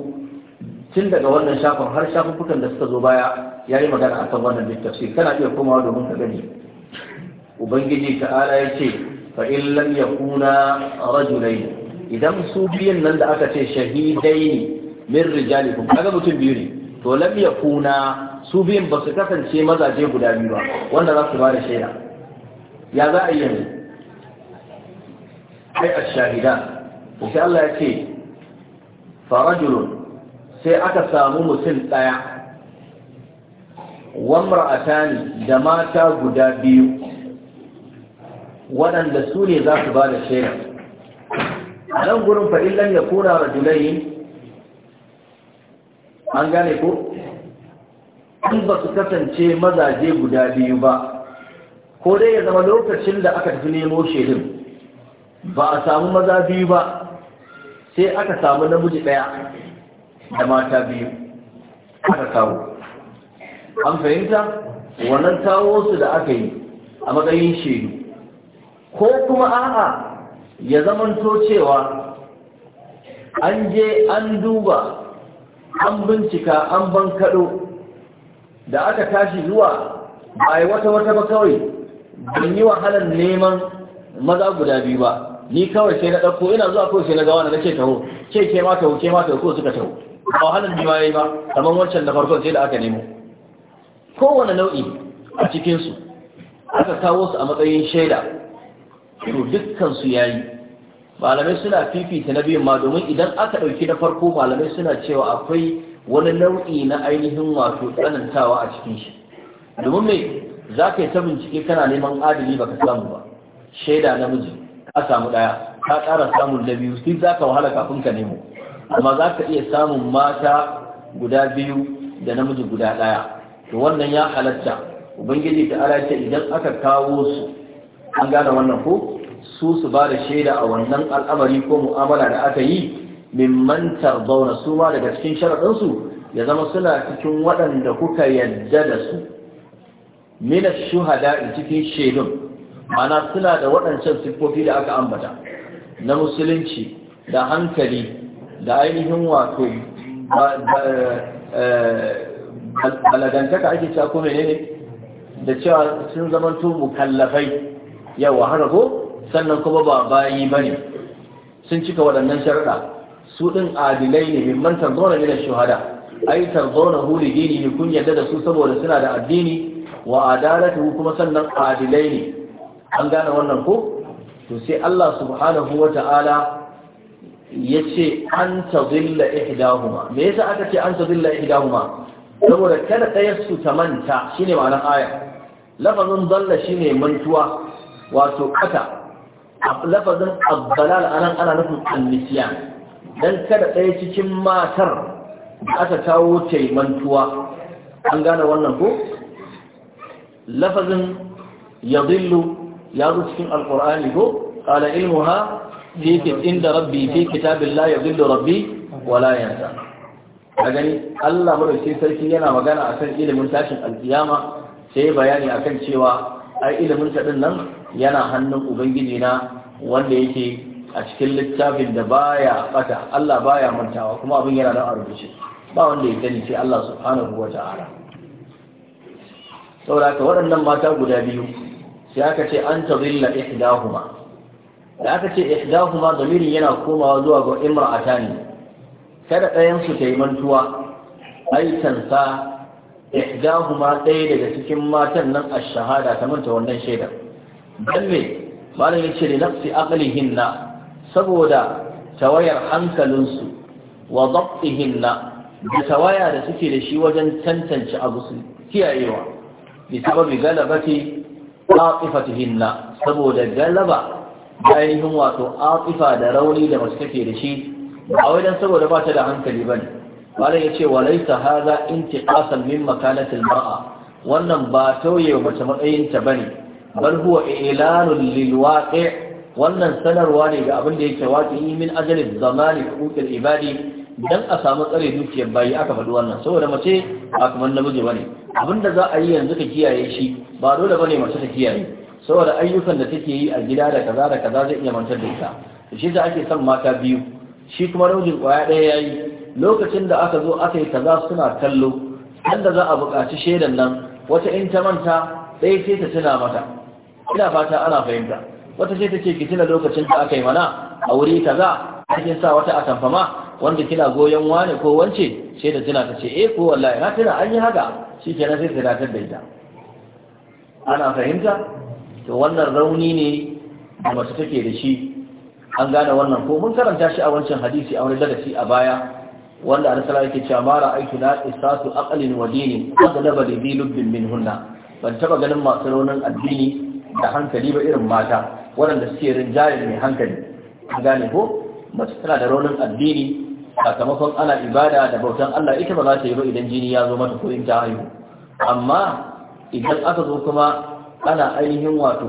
tun daga wannan shafin har shafuffukan da suka zo baya ya yi magana a kan wannan littafsir kana iya komawa domin ka gani ubangiji ta'ala ya ce fa in lam yakuna rajulain idan su biyun nan da aka ce shahidai ne min rijalikum kaga mutum biyu ne to lam yakuna su biyun ba su kasance mazaje guda biyu ba wanda za su ba da shaida ya za a yi yanzu ai ash-shahidan sai Allah ya ce farajulun sai aka samu mutum daya wamra'atani da mata guda biyu waɗanda su ne za su ba da shaida a nan gurin fa'illan ya kura rajulai an gane ko in ba su kasance mazaje guda biyu ba ko dai ya zama lokacin da aka tafi nemo shirin ba a samu maza biyu ba sai aka samu namiji ɗaya da mata biyu aka kawo an fahimta wannan kawo su da aka yi a matsayin shaidu ko kuma a'a ya zamanto cewa an je an duba an bincika an bankaɗo da aka tashi zuwa ba wata wata ba kawai ban yi wahalar neman maza guda biyu ba ni kawai sai na ɗauko ina zuwa kawai sai na gawa na na ce taho ce ke ma taho ke ma taho ko suka taho ba wahalar ni ma ba kamar wancan na farkon sai da aka nemo kowane nau'i a cikinsu aka kawo su a matsayin shaida to dukkan su yayi malamai suna fifita na biyun ma domin idan aka ɗauki na farko malamai suna cewa akwai wani nau'i na ainihin wato tsanantawa a cikin shi domin mai za ka yi ta bincike kana neman adali baka samu ba shaida namiji ka samu daya ka ƙara samun da biyu sai za ka wahala kafin ka nemo amma za ka iya samun mata guda biyu da namiji guda ɗaya. to wannan ya halatta ubangiji ta ala ce idan aka kawo su an gane wannan ko su su ba da shaida a wannan al'amari ko mu'amala da aka yi min mantar zauna su ma daga cikin sharaɗinsu ya zama suna cikin waɗanda kuka yadda da su min shuhada cikin shaidun mana suna da waɗancan siffofi da aka ambata na musulunci da hankali da ainihin wato eh, balagantaka ake cewa kuma ne da cewa sun zamanto mukallafai yawa har ko sannan kuma ba bayi ba ne. sun cika waɗannan sharaɗa su ɗin adilai ne mimman tarzona ne shuhada ai tarzona hu dini ne kun yadda da su saboda suna da addini wa adalatu kuma sannan adilai ne an gane wannan ko to sai Allah subhanahu wa ta'ala ya ce an tazilla ihdahuma me yasa aka ce an tazilla ihdahuma saboda kada ɗaya su ta manta shine ma'anar aya lafazin dalla shine mantuwa wato kata lafazin abdalal anan ana nufin annisiyan dan kada ɗaya cikin matar da aka kawo mantuwa. an gane wannan ko lafazin yadillu ya zo cikin alkur'ani ko qala ilmuha fi inda rabbi fi kitabillahi yadhillu rabbi wala a gani Allah madaukakin sarki yana magana akan ilimin tashin alkiyama sai bayani akan cewa ai ilimin taɗin nan yana hannun ubangiji na wanda yake a cikin littafin da baya bata Allah baya mantawa kuma abin yana da rubuce ba wanda ya gani sai Allah subhanahu wata'ala saboda ka waɗannan mata guda biyu sai aka ce an tazilla ihdahuma da aka ce ihdahuma damirin yana komawa zuwa ga imra'atani kada ɗayan su yi mantuwa ai tansa ihdahuma ɗaya daga cikin matan nan a shahada ta manta wannan shaidar dan me malam yace li nafsi aqlihinna saboda tawayar hankalinsu wa dabtihinna da tawaya da suke da shi wajen tantance abu su kiyayewa bi sababi galabati atifatihinna saboda galaba da ainihin wato atifa da rauni da mace take da shi ba wai saboda ba ta da hankali bane malam yace walaysa hadha intiqasan min makanati almar'a wannan ba tauye mace matsayin ta bane bal huwa i'lanun lil waqi' wannan sanarwa ne ga abin da yake waqi'i min ajali zamani huquqil ibadi dan a samu tsare dukiyar bayi aka faɗi wannan saboda mace ba kamar namiji bane abinda za a yi yanzu ka kiyaye shi ba dole bane mace ta kiyaye saboda ayyukan da take yi a gida da kaza da kaza zai iya mantar da ita shi da ake son mata biyu shi kuma raujin kwaya daya yayi lokacin da aka zo aka yi kaza suna kallo da za a buƙaci shaidan nan wata in ta manta sai ta tuna mata ina fata ana fahimta wata sai ta ce ki tuna lokacin da aka yi mana a wuri kaza ake sa wata a wanda kina goyon wane ko wance sai da tuna ta ce eh ko wallahi na tuna an yi haka shi kenan sai ta dakatar da ita ana fahimta to wannan rauni ne da mace take da shi an gane wannan ko mun karanta shi a wancan hadisi a wani darasi a baya wanda arsala yake cewa mara aiki na isasu aqalin wa dini aghlaba li dilubbin Hunna. ban taba ganin masu raunin addini da hankali ba irin mata waɗanda suke rinjaye mai hankali an gane ko mace tana da raunin addini sakamakon ana ibada da bautan Allah ita ba za ta yi ba idan jini ya zo mata ko in ta haihu amma idan aka zo kuma ana ainihin wato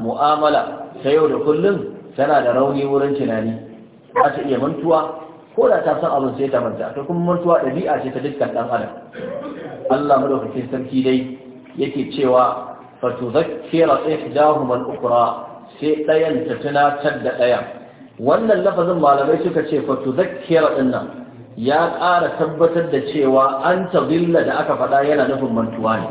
mu'amala ta yau da kullum tana da rauni wurin tunani za ta iya mantuwa ko da ta san abin sai ta manta ta kuma mantuwa ɗabi'a ce ta dukkan ɗan adam Allah madaukakin sarki dai yake cewa fatu zakkira ihdahum al sai ɗayan ta tunatar da ɗayan wannan lafazin malamai suka ce fatu zakkira dinnan ya ƙara tabbatar da cewa an tabilla da aka faɗa yana nufin mantuwa ne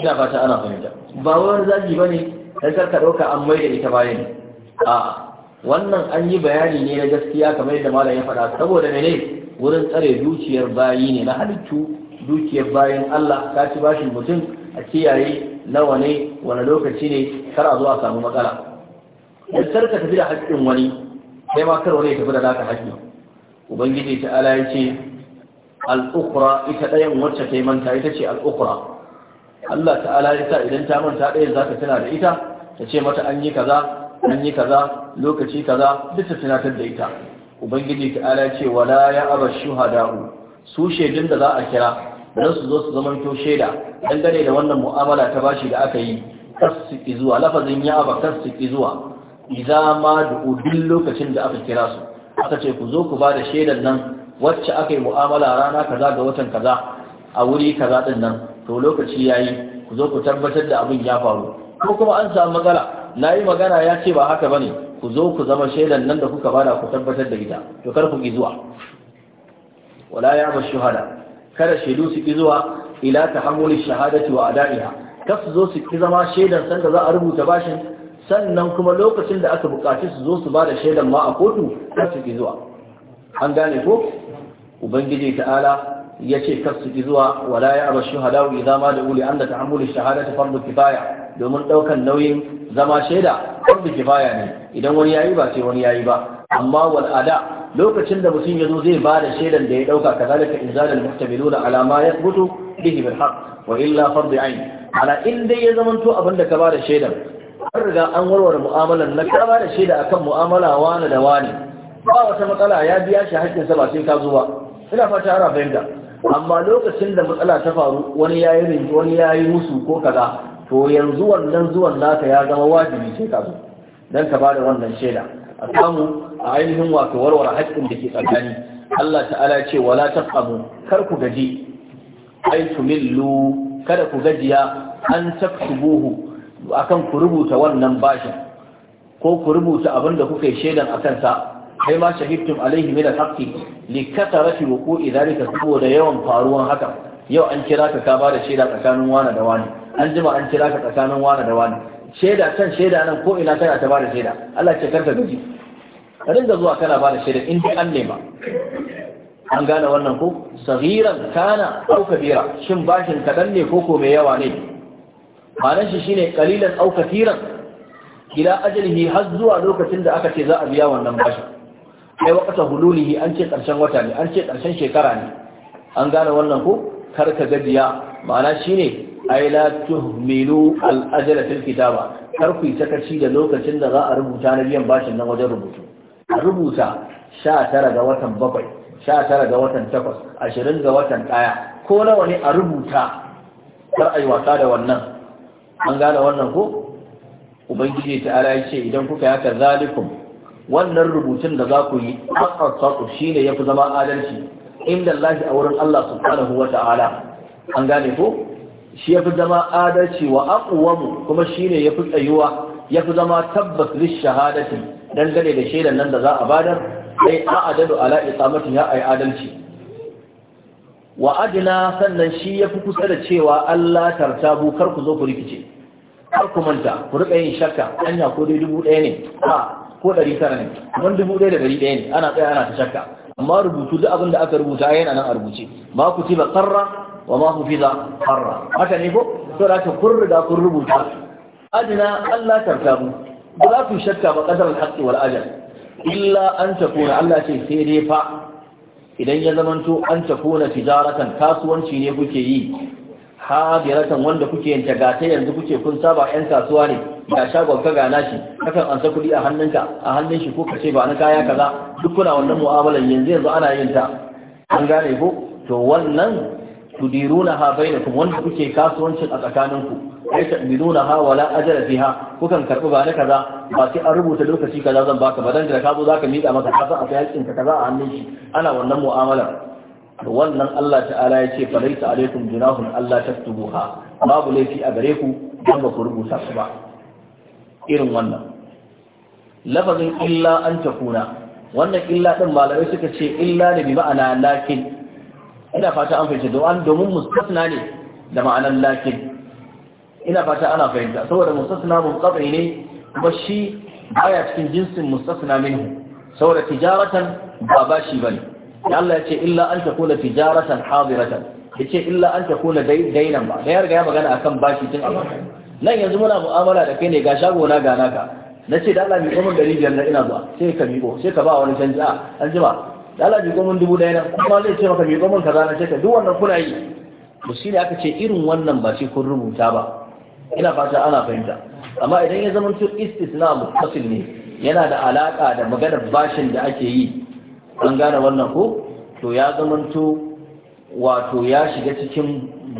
ina fata ana fahimta ba wani zaji ba ne don karka ɗauka an mai da ita bayan a wannan an yi bayani ne na gaskiya kamar yadda malam ya faɗa saboda mene wurin tsare dukiyar bayi ne na halittu dukiyar bayan Allah ka ci bashin mutum a kiyaye nawa ne wani lokaci ne kar a zo a samu matsala da sarka tafi da haƙƙin wani sai ma kar wani ya tafi da naka haƙƙin ubangiji ta ala ya ce al'ukura ita ɗayan wacce ta yi manta ita ce al'ukura Allah ta'ala ya sa idan ta manta ɗayan za ta tuna da ita ta ce mata an yi kaza an yi kaza lokaci kaza duk ta tunatar da ita ubangiji ta'ala ya ce wala ya aba shuhada'u su shaidun da za a kira don su zo su zamanto shaida dangane da wannan mu'amala ta bashi da aka yi kasiki zuwa lafazin ya aba kasiki zuwa idza ma duk lokacin da aka kira su aka ce ku zo ku ba da shaidar nan wacce aka yi mu'amala rana kaza ga watan kaza a wuri kaza din nan to lokaci yayi ku zo ku tabbatar da abin ya faru ko kuma an samu matsala na yi magana ya ce ba haka bane ku zo ku zama shaidan nan da kuka bada ku tabbatar da ita to kar ku ki zuwa wala ya ba shuhada kada shaidu su ki zuwa ila tahammuli shahadati wa ada'iha kaf zo su ki zama shaidan san da za a rubuta bashin sannan kuma lokacin da aka buƙaci su zo su ba da shaidan ma a kotu kar su ki zuwa an gane ko ubangiji ta'ala ya ce kar su ki zuwa wala ya aba shuhada idza ma da uli anda ta'ammulu ta fardu kifaya domin daukan nauyin zama shaida fardu kifaya ne idan wani yayi ba sai wani yayi ba amma wal ada lokacin da mutum ya zo zai ba da shaidan da ya dauka kazalika inzalul muhtamiluna ala ma yathbutu bihi bil haqq wa illa fardu ayn ala in dai ya zamanto abin da ka ba da shaidan an riga an warware mu'amalar na da ba da shaida akan mu'amala wani da wani ba wata matsala ya biya shi sa ba sai ka zo ba ina fata ana fahimta amma lokacin da matsala ta faru wani ya yi wani yayi musu ko kaza to yanzu wannan zuwan naka ya zama wajibi sai ka zo dan ka ba wannan shaida a samu a ainihin wato warware haƙƙin da ke tsakani Allah ta'ala ya ce wala taqamu kar ku gaji ay tumillu kada ku gajiya an taktubuhu akan ku rubuta wannan bashin ko ku rubuta abin da kuka yi shaidan a sa kai ma shahidtum alaihi min al-haqqi li katarati wuqu'i dhalika saboda yawan faruwan haka yau an kira ka ka bada shaida tsakanin wani da wani an jima an kira ka tsakanin wani da wani shaida kan shaida nan ko ina kana ta bada shaida Allah ce karka gaji ka dinga zuwa kana bada shaida in dai an nema an gane wannan ko sagiran kana ko kabira shin bashin kadan ne ko ko mai yawa ne ma'anar shi shine qalilan aw kathiran ila ajalihi har zuwa lokacin da aka ce za a biya wannan bashi kai wakata hululihi an ce karshen wata ne an ce karshen shekara ne an gane wannan ko kar ka gajiya ma'ana shine ay la tuhmilu al ajala fil kitaba kar ku sakaci da lokacin da za a rubuta na biyan bashin nan wajen rubutu a rubuta 19 ga watan 7 19 ga watan 8 20 ga watan 1 ko nawa ne a rubuta kar ai wasa da wannan an gane wannan ko ubangiji ta ala ya ce idan kuka haka zalikum wannan rubutun da za ku yi an shine yafi zama adalci inda Allah a wurin Allah subhanahu wa ta'ala an gane ko shi yafi zama adalci wa aqwamu kuma shine yafi tsayuwa yafi zama tabbas lish shahadati dangane da shaidan nan da za a bada sai a adadu ala ya yi adalci wa adina sannan shi ya fi kusa da cewa Allah bu kar ku zo ku rikice kar ku manta ku rika yin shakka anya ko dai dubu ɗaya ne a ko ɗari tara ne don dubu ɗaya da ɗari ɗaya ne ana tsaya ana ta shakka amma rubutu duk abin da aka rubuta yana nan a rubuce ma ku ci ba tsarra wa ma ku fiza tsarra haka ne ko to da ka kun riga kun rubuta Adina Allah Tarta bu, ba za ku shakka ba ƙasar al wal ajal illa an takuna Allah ce sai dai fa idan ya zamanto an takuna tijaratan kasuwanci ne kuke yi hadiratan wanda kuke yin tagata yanzu kuke kun saba yan kasuwa ne ga shagon ka gana shi kakan ansa kuɗi a hannunka a hannun shi ko ka ce ba na kaya kaza duk kuna wannan mu'amalan yanzu yanzu ana yin ta an gane ko to wannan tudiruna ha bainakum wanda kuke kasuwancin a tsakaninku ai ta'minuna ha wala ajra fiha kukan karbi ba na kaza ba sai an rubuta lokaci kaza zan baka ba dan da ka zo zaka miƙa masa ka san akwai ka kaza a hannun shi ana wannan mu'amala wannan Allah ta'ala ya ce falaita alaikum junahun Allah taktubuha babu laifi a gare ku dan ba ku rubuta su ba irin wannan lafazin illa an takuna wannan illa din malamai suka ce illa ne bi ma'ana lakin ina fata an fahimci domin domin mustasna ne da ma'anar lakin ina fata ana fahimta saboda mustasna munqati ne kuma shi baya cikin jinsin mustasna minhu saboda tijaratan ba bashi bane Allah ya ce illa an takuna tijaratan hadiratan yace illa an takuna dainan ba da ya riga ya magana akan bashi tun a nan yanzu muna mu'amala da kai ne ga shago na ga naka nace da Allah mi komon biyar na ina zuwa sai ka miƙo sai ka ba wani canji a ah, an jima da Allah mi komon 1000 na kuma zai ce maka mi komon kaza na sai ka duk wannan kuna yi to ne aka ce irin wannan ba shi kun rubuta ba ina fata ana fahimta amma idan ya zama istisna muttasil ne yana da alaka da maganar bashin da ake yi an gane wannan ko to ya to wato ya shiga cikin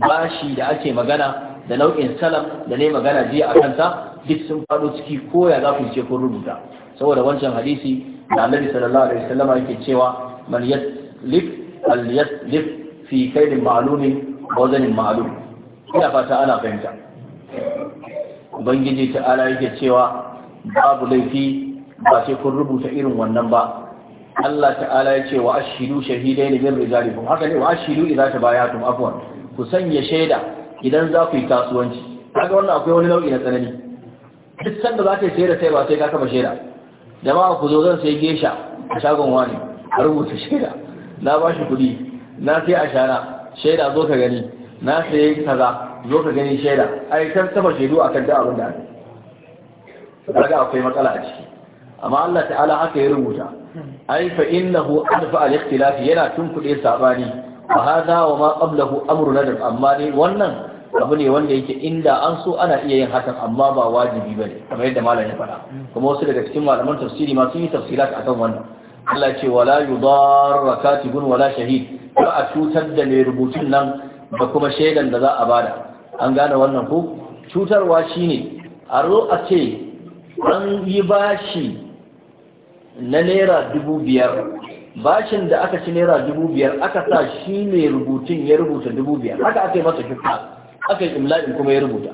bashi da ake magana da nau'in salam da ne magana jiya a kanta duk sun faɗo ciki ko ya za ku ce ko rubuta saboda wancan hadisi da annabi sallallahu alaihi wasallam yake cewa man yaslif al yaslif fi kaidin ma'lumin wa wazanin ma'lum ina fata ana fahimta ubangiji ta'ala yake cewa babu laifi ba sai kun rubuta irin wannan ba Allah ta'ala ya ce wa ashidu shahidai ne min rijalikum haka ne wa ashidu idza tabayatum afwan ku sanya shaida idan za ku yi kasuwanci kaga wannan akwai wani nau'i na tsanani duk sanda za ka yi shaida sai ba sai ka kafa shaida jama'a ku zo zan sai gesha a shagon wani a rubuta shaida na bashi kuɗi na sai shara shaida zo ka gani na sai kaza zo ka gani shaida ai kan saba shaidu a da abin da aka kaga akwai matsala a ciki amma Allah ta'ala haka ya rubuta ai fa innahu adfa al-ikhtilaf yana tunkuɗe sabani fa hada wa ma qablahu amru nadab amma dai wannan abu ne wanda yake inda an so ana iya yin hakan amma ba wajibi bane kamar yadda malam ya faɗa kuma wasu daga cikin malaman tafsiri ma sun yi tafsirat akan wannan Allah ce wala yudarra katibun wala shahid ba a cutar da mai rubutun nan da kuma shaidan da za a bada an gane wannan ko cutarwa shine a zo a ce an yi bashi na naira dubu biyar bashin da aka ci naira dubu biyar aka sa shi ne rubutun ya rubuta dubu biyar haka aka yi masa kifa aka yi imla'in kuma ya rubuta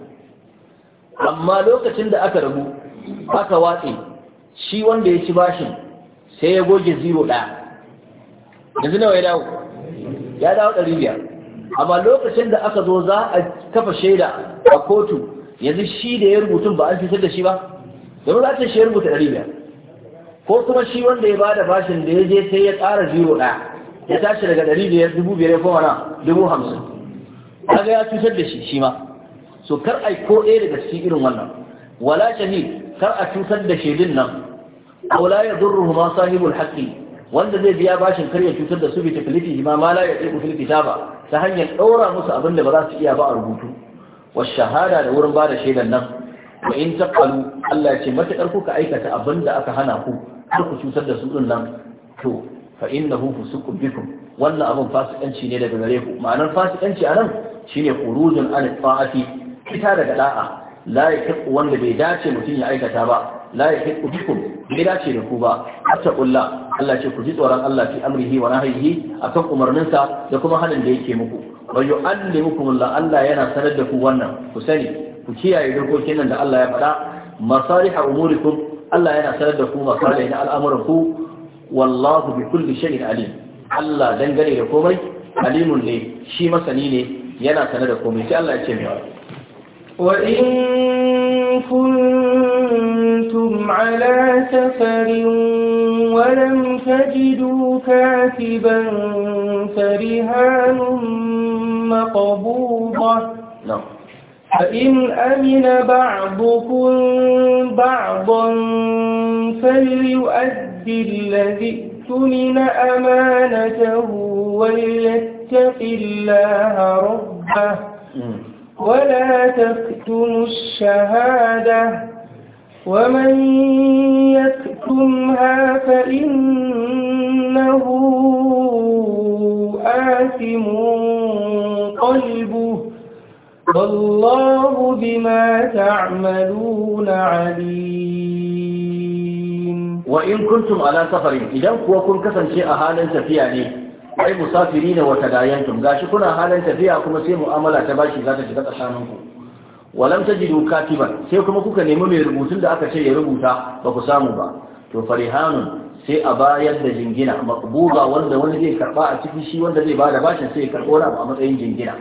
amma lokacin da aka rabu aka watse shi wanda ya ci bashin sai ya goge zero ɗaya yanzu nawa ya dawo ya dawo ɗari biyar amma lokacin da aka zo za a kafa shaida a kotu yanzu shi da ya rubutun ba an fitar da shi ba domin za ta shi ya rubuta ɗari biyar ko kuma shi wanda ya bada bashin da ya je sai ya ƙara zero ɗaya ya tashi daga ɗari biyar dubu biyar ya koma na dubu hamsin kaga ya cutar da shi shi ma so kar a ko ɗaya daga cikin irin wannan wala shahid kar a cutar da shaidun nan wala ya zurruhu ma sahibul haqqi wanda zai biya bashin karya cutar da su bi tafilifi ma ma la ya tsibu fil kitaba ta hanyar daura musu abin da ba za su iya ba a rubutu wa shahada da wurin bada shaidan nan wa in taqalu Allah ya ce matakar kuka aikata abin da aka hana ku har ku cutar da su din nan to fa innahu fusuqun bikum wannan abin fasikanci ne daga gare ku ma'anar fasikanci anan shine khurujun an ta'ati fita daga da'a la yaqiqu wanda bai dace mutum ya aikata ba la yaqiqu bikum bai dace da ku ba hatta qullah Allah ce ku ji tsoron Allah fi amrihi wa nahyihi akan umarninsa da kuma hanin da yake muku wa yu'allimukum Allah Allah yana sanar da ku wannan ku sani ku kiyaye dokokin nan da Allah ya faɗa masaliha umurikum Allah yana sanar da ku masalih na al'amuran ku wallahu bi kulli shay'in alim Allah dangane da komai alimun ne shi masani ne yana sanar da komai sai Allah ya ce mai وإن كنتم على سفر ولم تجدوا كاتبا فرهان مقبوضة نعم. فإن أمن بعضكم بعضا فليؤدي الذي ائتمن أمانته وليتق الله ربه ولا تكتموا الشهادة ومن يكتمها فإنه آثم قلبه والله بما تعملون عليم وإن كنتم على سفر إذا كنتم كسن شيء أهالا سفيا ليه ai musafiri ne wa tadayantum gashi kuna halin tafiya kuma sai mu'amala ta bashi za ta shiga tsakaninku walam tajidu katiban sai kuma kuka nemi mai rubutun da aka ce ya rubuta ba ku samu ba to farihanun sai a bayar da jingina makbuga wanda wani zai karba a cikin shi wanda zai bada bashin sai ya karbo na a matsayin jingina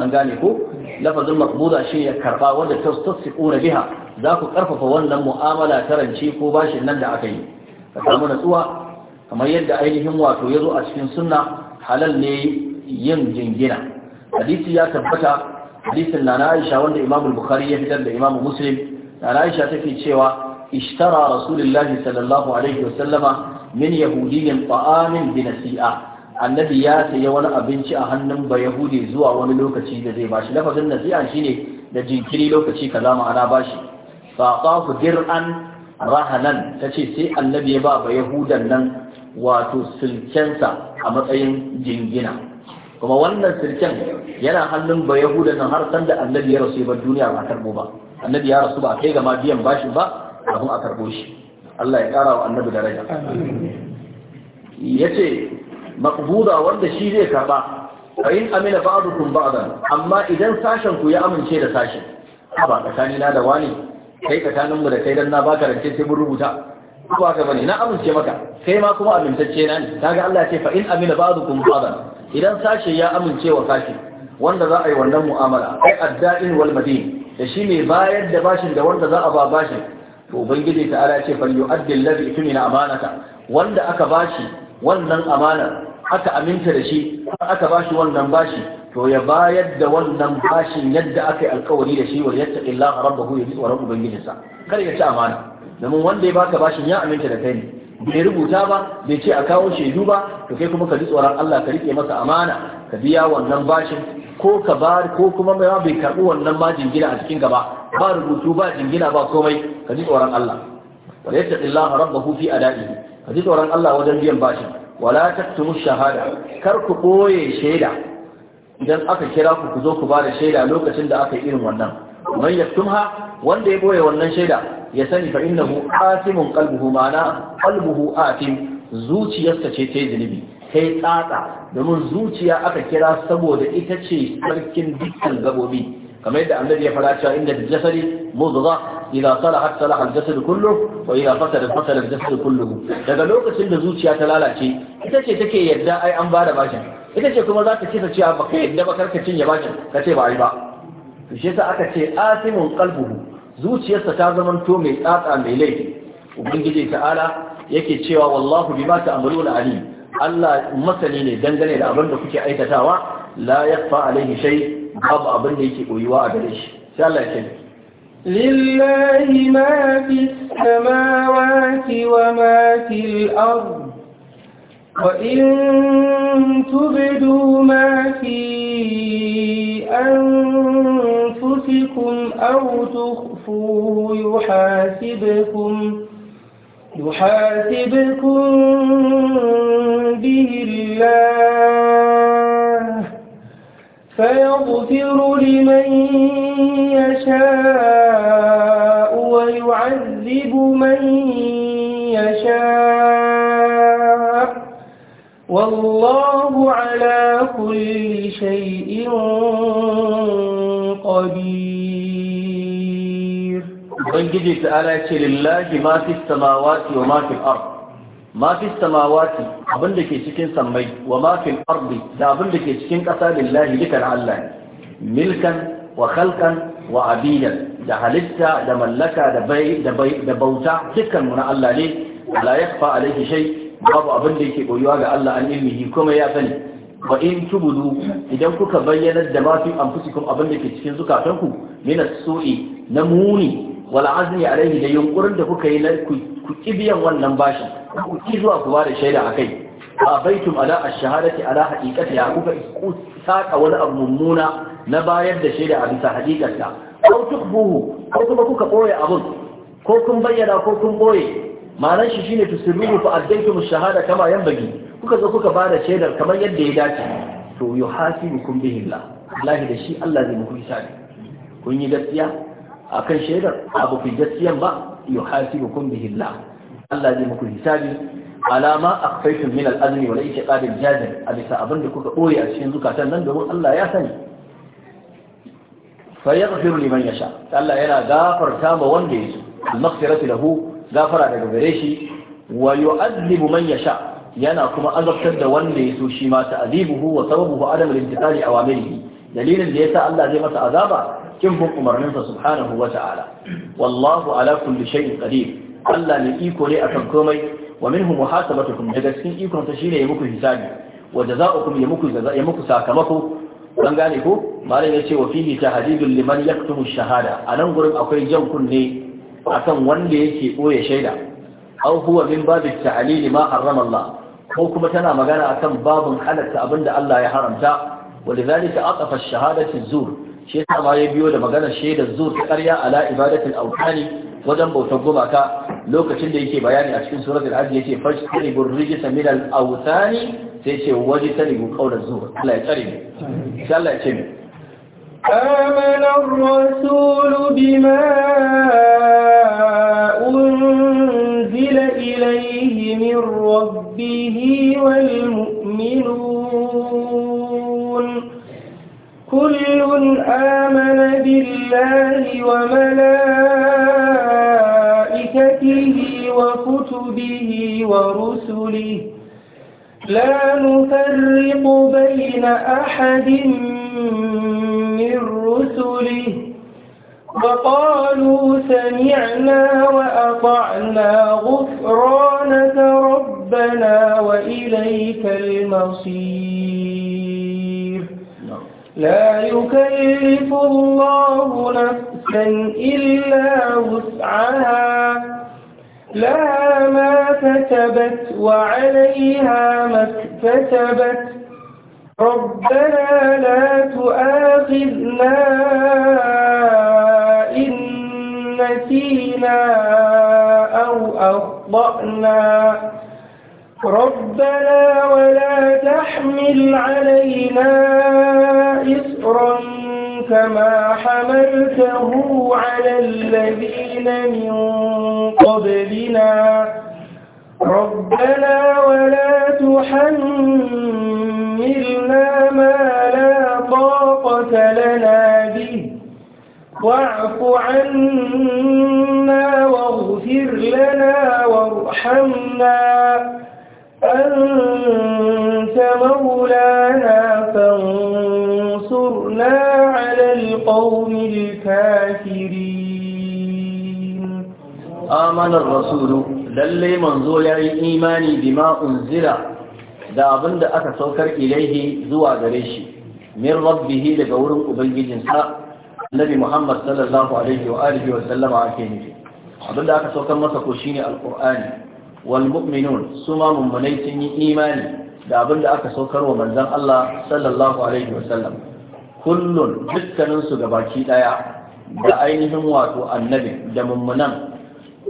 an gane ko lafazin makbuga shi ya karba wanda tastasiquna biha za ku karfafa wannan mu'amala ta rance ko bashin nan da aka yi ka samu natsuwa kamar yadda ainihin wato ya zo a cikin sunna halal ne yin jingina hadisi ya tabbata hadisin na Aisha wanda Imam Bukhari ya fitar da Imam Muslim na Aisha take cewa ishtara rasulullahi sallallahu alaihi wasallama min yahudiyyin ta'amin bi nasi'a annabi ya sayi wani abinci a hannun ba yahudi zuwa wani lokaci da zai bashi lafazin nasi'a shine da jinkiri lokaci kaza ma'ana bashi fa qafu dir'an rahanan tace sai annabi ya ba ba yahudan nan wato silkensa a matsayin jingina kuma wannan silken yana hannun ba yahuda nan har sanda annabi ya rasu ba duniya ba karbo ba annabi ya rasu ba kai gama biyan bashi ba abin a karbo shi Allah ya kara wa annabi daraja yace maqbuda wanda shi zai karba fa amina ba'dukum ba'dan amma idan sashen ku ya amince da sashen ba tsakani na da wani kai tsakaninmu da kai dan na baka rance sai mun rubuta ko haka bane na amince maka kai ma kuma amintacce na ne kaga Allah ya ce fa in amina ba'dukum ba'dan idan sashe ya amince wa sashi wanda za a yi wannan mu'amala ai adda'in wal madin da ne bayar da bashin da wanda za a ba bashin to ubangiji ta ala ce fal yu'addi alladhi tumina amanata wanda aka bashi wannan amana aka aminta da shi aka bashi wannan bashi to ya bayar da wannan bashin yadda aka yi alkawari da shi wa yattaqillaha rabbahu yaji tsoron ubangijinsa kar ya ci amana domin wanda ya baka bashin ya aminta da kai bai rubuta ba bai ce a kawo shaidu ba to kai kuma ka ji tsoron Allah ka rike masa amana ka biya wannan bashin ko ka ba ko kuma bai karbi wannan ma jingina a cikin gaba ba rubutu ba jingina ba komai ka ji tsoron Allah wala yattaqillaha rabbahu fi ada'ihi ka ji tsoron Allah wajen biyan bashin wala taktumu shahada kar ku koye shaida idan aka kira ku ku zo ku ba da shaida lokacin da aka yi irin wannan man yaktumha wanda ya boye wannan shaida ya sani fa innahu asimun qalbuhu ma'ana qalbuhu atim zuciyarsa ce ta zunubi kai tsatsa domin zuciya aka kira saboda ita ce sarkin dukkan gabobi kamar yadda annabi ya fara cewa inda jasadi mudgha idza salahat salaha al-jasad kulluhu wa idza fasadat fasada al-jasad kulluhu daga lokacin da zuciya ta lalace ita ce take yadda ai an bada bashin ita ce kuma za ta kisa cewa baka yadda ba karkacin ya bashin ka ce ba ai ba to shi yasa aka ce asimun qalbuhu zuciyarsa ta zamanto mai tsatsa mai laifi ubangiji ta'ala yake cewa wallahu bima ta'maluna alim Allah masani ne dangane da abin da kuke aikatawa la yakfa alaihi shay babu abin da yake koyuwa a gare shi sai Allah ya ce lillahi ma fi samawati wa ma fil ard wa in tubdu ma fi an أنفسكم أو تخفوه يحاسبكم يحاسبكم به الله فيغفر لمن يشاء ويعذب من يشاء والله على كل شيء قدير ubangiji ta'ala ce lillahi ma fi samawati wa ma fil ard ma fi samawati abin da ke cikin sammai wa ma fil ard da abin da ke cikin ƙasa lillahi dukan Allah milkan wa khalqan wa abidan da halitta da mallaka da bai da bauta dukkan mu na Allah ne la yakfa alaihi shay babu abin da yake boyuwa ga Allah an ilmihi kuma ya sani Ba in tubudu idan kuka bayyana da ma fi abin da ke cikin zukatanku min as na muni wal azmi alaihi da yunkurin da kuka yi na ku kibiyan wannan bashin ku ki zuwa ku bada shaida akai a baitum ala ash-shahadati ala haqiqati ya kuka saka wani abu mummuna na bayar da shaida a bisa haqiqarsa ko tukbuhu ko kuma kuka boye abun ko kun bayyana ko kun boye ma'anar shi shine tusirruhu fa addaytum ash-shahada kama yanbaghi kuka zo kuka ba da shaidar kamar yadda ya dace to yuhasibukum bihillah wallahi da shi Allah zai muku hisabi kun yi gaskiya kan shaidar abu fi gaskiyan ba yuhasibukum bihillah Allah zai muku hisabi alama a kaifin min al-azmi wal i'tiqad al-jazim a bisa abin da kuka ɓoye a cikin zukatan nan domin Allah ya sani fa yaghfiru liman yasha Allah yana gafarta ma wanda ya yake al-maghfiratu lahu gafara daga gare shi wa yu'adhibu man yasha yana kuma azabtar da wanda ya so shi ma ta'adibuhu wa sababuhu adam al-imtithali awamirihi dalilin da yasa Allah zai masa azaba kin bin umarninsa subhanahu wa ta'ala wallahu ala kulli shay'in qadir Allah ne iko ne akan komai wa minhu muhasabatukum daga cikin ikon ta shine ya muku hisabi wa jazaukum ya muku ya muku sakamako dan gane ko malam ya ce wa fihi tahdidul liman yaktumu shahada anan gurin akwai jan kunne akan wanda yake boye shaida aw huwa min babit ta'lil ma harrama Allah ko kuma tana magana akan babun halatta abinda Allah ya haramta walidhalika aqafa ash-shahadati az-zur shi yasa ma ya biyo da magana shaidar zur ta ƙarya ala ibadatil awtani wajen bautar gumaka lokacin da yake bayani a cikin suratul hajj yace fajtanibu ar-rijsa min al-awtani sai ce wajtanibu qawla zur Allah ya tsare mu sai Allah ya ce mu آمن الرسول بما أنزل إليه من ربه والمؤمنون كل آمن بالله وملائكته وكتبه ورسله لا نفرق بين أحد من رسله وقالوا سمعنا وأطعنا غفرانك رب ربنا وإليك المصير لا يكلف الله نفسا إلا وسعها لها ما كتبت وعليها ما اكتسبت ربنا لا تؤاخذنا إن نسينا أو أخطأنا ربنا ولا تحمل علينا إصرا كما حملته على الذين من قبلنا ربنا ولا تحملنا ما لا طاقة لنا به واعف عنا واغفر لنا وارحمنا أنت مولانا فانصرنا على القوم الكافرين آمن الرسول للي منزو يعي إيماني بما أنزل دا أبن دا أكا سوكر إليه زوا غريشي من ربه لقول أبنجي النبي محمد صلى الله عليه وآله وسلم عاكيني أبن دا أكا سوكر مسكو شيني القرآن wal suma su ma mummunai sun yi imani da abin da aka saukar wa manzon Allah sallallahu alaihi wasallam kullun dukkanin su gabaki daya da ainihin wato annabi da mummunan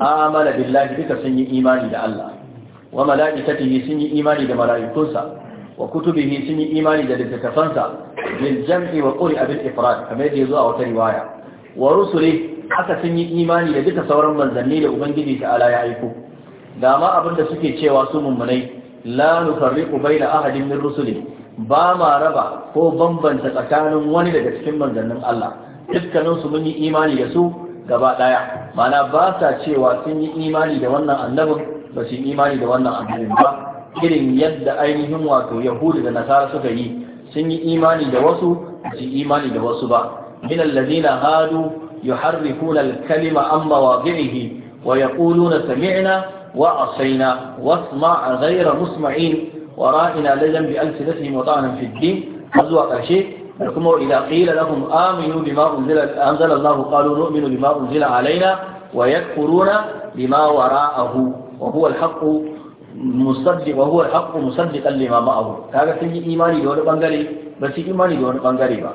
amala billahi duka sun yi imani da Allah wa mala'ikatihi sun yi imani da mala'ikunsa wa kutubihi sun yi imani da littattafansa bil jam'i wa qur'a bil ifrad kamar yadda yazo a wata riwaya wa rusuli haka sun yi imani da duka sauran manzanni da ubangiji ta ala ya aiko da ma abin da suke cewa su mummunai la nufarriqu baina ahadin min rusuli ba ma raba ko bambanta tsakanin wani daga cikin manzannin Allah dukkanin su mun yi imani da su gaba daya mana ba sa cewa sun yi imani da wannan annabin ba su yi imani da wannan annabin ba irin yadda ainihin wato yahudu da nasara suka yi sun yi imani da wasu ba su imani da wasu ba min alladhina hadu yuharrifuna al-kalima amma mawadi'ihi wa yaquluna sami'na وعصينا واسمع غير مسمعين ورائنا ليلا بألسنتهم وطعنا في الدين أزوى قرشي لكم إذا قيل لهم آمنوا بما أنزل, أنزل الله قالوا نؤمن بما أنزل علينا ويكفرون بما وراءه وهو الحق مصدق وهو الحق مصدقا لما معه هذا في إيماني دون بانغاري بس إيماني دون بانغاري با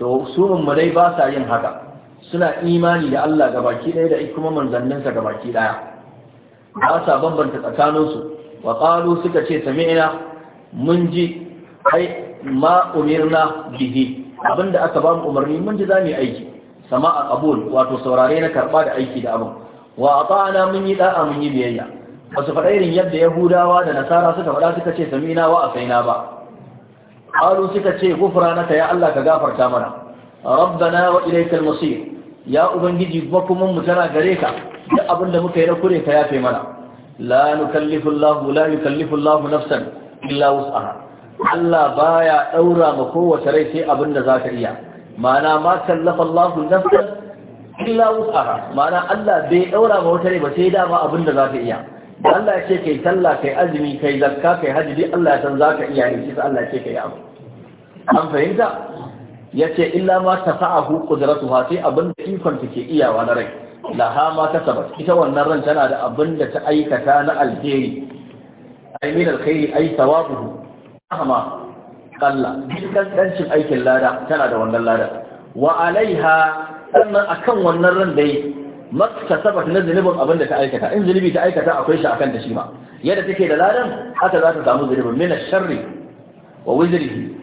to su mummunai ba sa yin haka suna imani da Allah gabaki ɗaya da kuma manzanninsa gabaki ɗaya ba sa bambanta tsakaninsu wa ƙalu suka ce sami'ina mun ji ai ma umirna bihi abinda aka ba mu umarni mun ji zamu aiki sama a kabul wato saurare na karba da aiki da abin wa a mun yi da'a mun yi biyayya ba su faɗa irin yadda yahudawa da nasara suka faɗa suka ce sami'ina wa asaina ba ƙalu suka ce gufranaka ya Allah ka gafarta mana rabbana wa ilaikal masir ya ubangiji kuma mu tana gare ka duk abin da muka yi na kure ka yafe mana la nukallifu Allah la yukallifu Allah nafsan illa wus'aha Allah baya daura ma kowace rai sai abin da zaka iya ma'ana ma kallafa Allah nafsan illa wus'aha ma'ana Allah bai daura ma wata rai ba sai dama abin da zaka iya Allah ya ce kai sallah kai azumi kai zakka kai hajji dai Allah ya san zaka iya ne sai Allah ya ce kai abu an fahimta yace illa ma tafa'ahu qudratuha sai abin da ikon take iyawa na rai laha ma kasabat ita wannan ran tana da abin da ta aikata na alheri ai min alkhairi ai thawabuhu ahma qalla dukkan dancin aikin lada tana da wannan lada wa alaiha sannan akan wannan ran dai maktasabat na zunubin abin da ta aikata in zunubi ta aikata akwai shi akan ta shi ma yadda take da ladan haka za ta samu zunubin min sharri wa wizrihi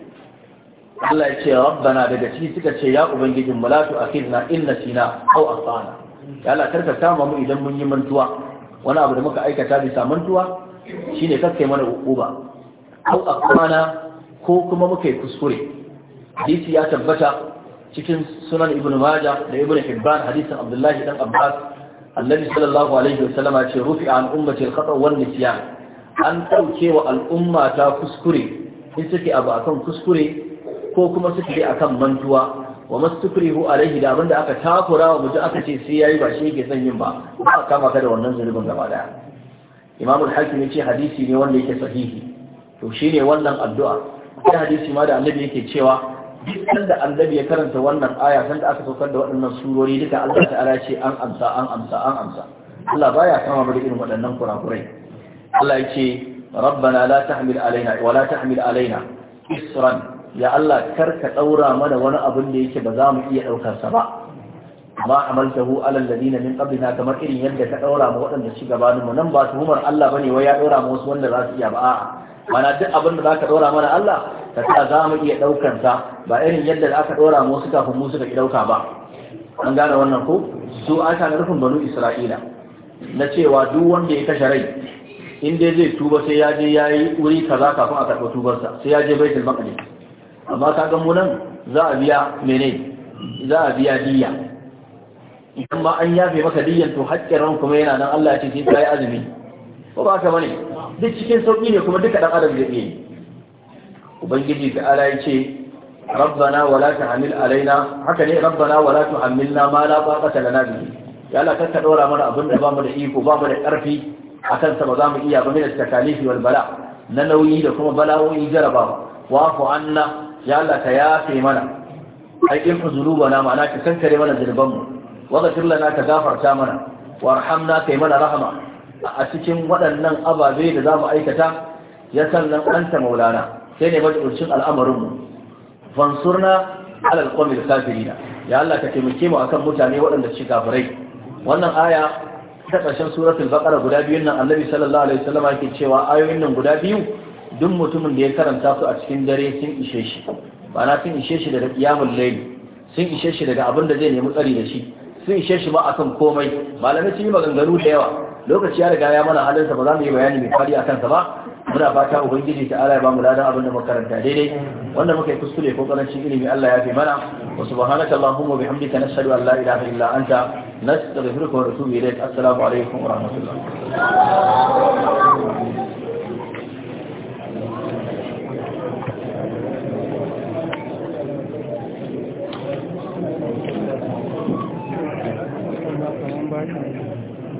Allah ya ce rabbana daga ciki suka ce ya ubangijin mu la inna in nasina aw akhtana ya Allah karka kama mu idan mun yi mantuwa wani abu da muka aikata bisa mantuwa shine kakkai mana hukuma au akwana ko kuma muka yi kuskure hadisi ya tabbata cikin sunan ibnu majah da ibnu hibban hadisin abdullahi dan abbas annabi sallallahu alaihi wasallam ya ce rufi an ummati al-khata wal nisyan an tauke wa al'ummata ta kuskure in suke abu akan kuskure ko kuma suke akan mantuwa wa mastukrihu alaihi da abinda aka takura wa mutum aka ce sai yayi ba shi yake son yin ba ba a kama ka da wannan zulubin gaba daya imamu al-hakim yace hadisi ne wanda yake sahihi to shine wannan addu'a sai hadisi ma da annabi yake cewa duk da annabi ya karanta wannan aya sanda aka saukar da waɗannan surori duka Allah ta'ala ce an amsa an amsa an amsa Allah baya kama mu da irin waɗannan kurakurai Allah yace rabbana la tahmil alaina wa la tahmil alaina isran ya Allah kar ka daura mana wani abin da yake ba za mu iya daukar sa ba ma amaltahu ala alladhina min qablina kamar irin yadda ka daura mu waɗanda ci gabanin mu nan ba tuhumar Allah bane wai ya daura mu wasu wanda za su iya ba a'a mana duk abin da zaka daura mana Allah ka sa za mu iya daukar sa ba irin yadda aka daura mu wasu kafin mu suka ki dauka ba an gane wannan ko su an na rufin banu Isra'ila na cewa duk wanda ya kashe rai in dai zai tuba sai ya je ya yi wuri kaza kafin a karɓi tubarsa sai ya je baitul maqdis amma ka gan mu nan za a biya mene za a biya diya idan ma an yafe maka diyan to haƙƙin ran kuma yana nan Allah ya ce sai kai azumi ko ba ka bane duk cikin sauki ne kuma duka dan adam zai yi ubangiji ta ala ya ce rabbana wala ta'amil alaina haka ne rabbana wala tu'amilna ma la taqata lana bihi ya Allah kanka dora mana abin da ba mu da iko ba mu da karfi akan sa ba za mu iya ba mu da takalifi wal bala na nauyi da kuma bala'o'i jarabawa wa'fu anna ya Allah ka yafe mana aikin zunuba na ma'ana ka kankare mana zunubanmu wanda kirla na ka gafarta mana warhamna kai mana rahama a cikin waɗannan ababe da za mu aikata ya sannan ɗanta maulana sai ne majalishin al'amarinmu fansurna alal da kafirina ya Allah ka taimake mu akan mutane waɗanda ci kafirai wannan aya ta ƙarshen suratul baqara guda biyun nan annabi sallallahu alaihi wasallam yake cewa ayoyin nan guda biyu duk mutumin da ya karanta su a cikin dare sun ishe shi ma'ana sun ishe shi daga qiyamul layl sun ishe shi daga abin da zai nemi tsari da shi sun ishe shi ba akan komai malamai sun yi maganganu da yawa lokaci ya riga ya mana halinsa ba za mu yi bayani mai fadi akan sa ba muna fata ubangiji ta ala ya bamu ladan abin da makaranta daidai wanda muka yi kuskure ko karancin ilimi Allah ya fi mana wa subhanaka allahumma bihamdika nashhadu an la ilaha illa anta nastaghfiruka wa natubu ilayk assalamu alaikum wa rahmatullah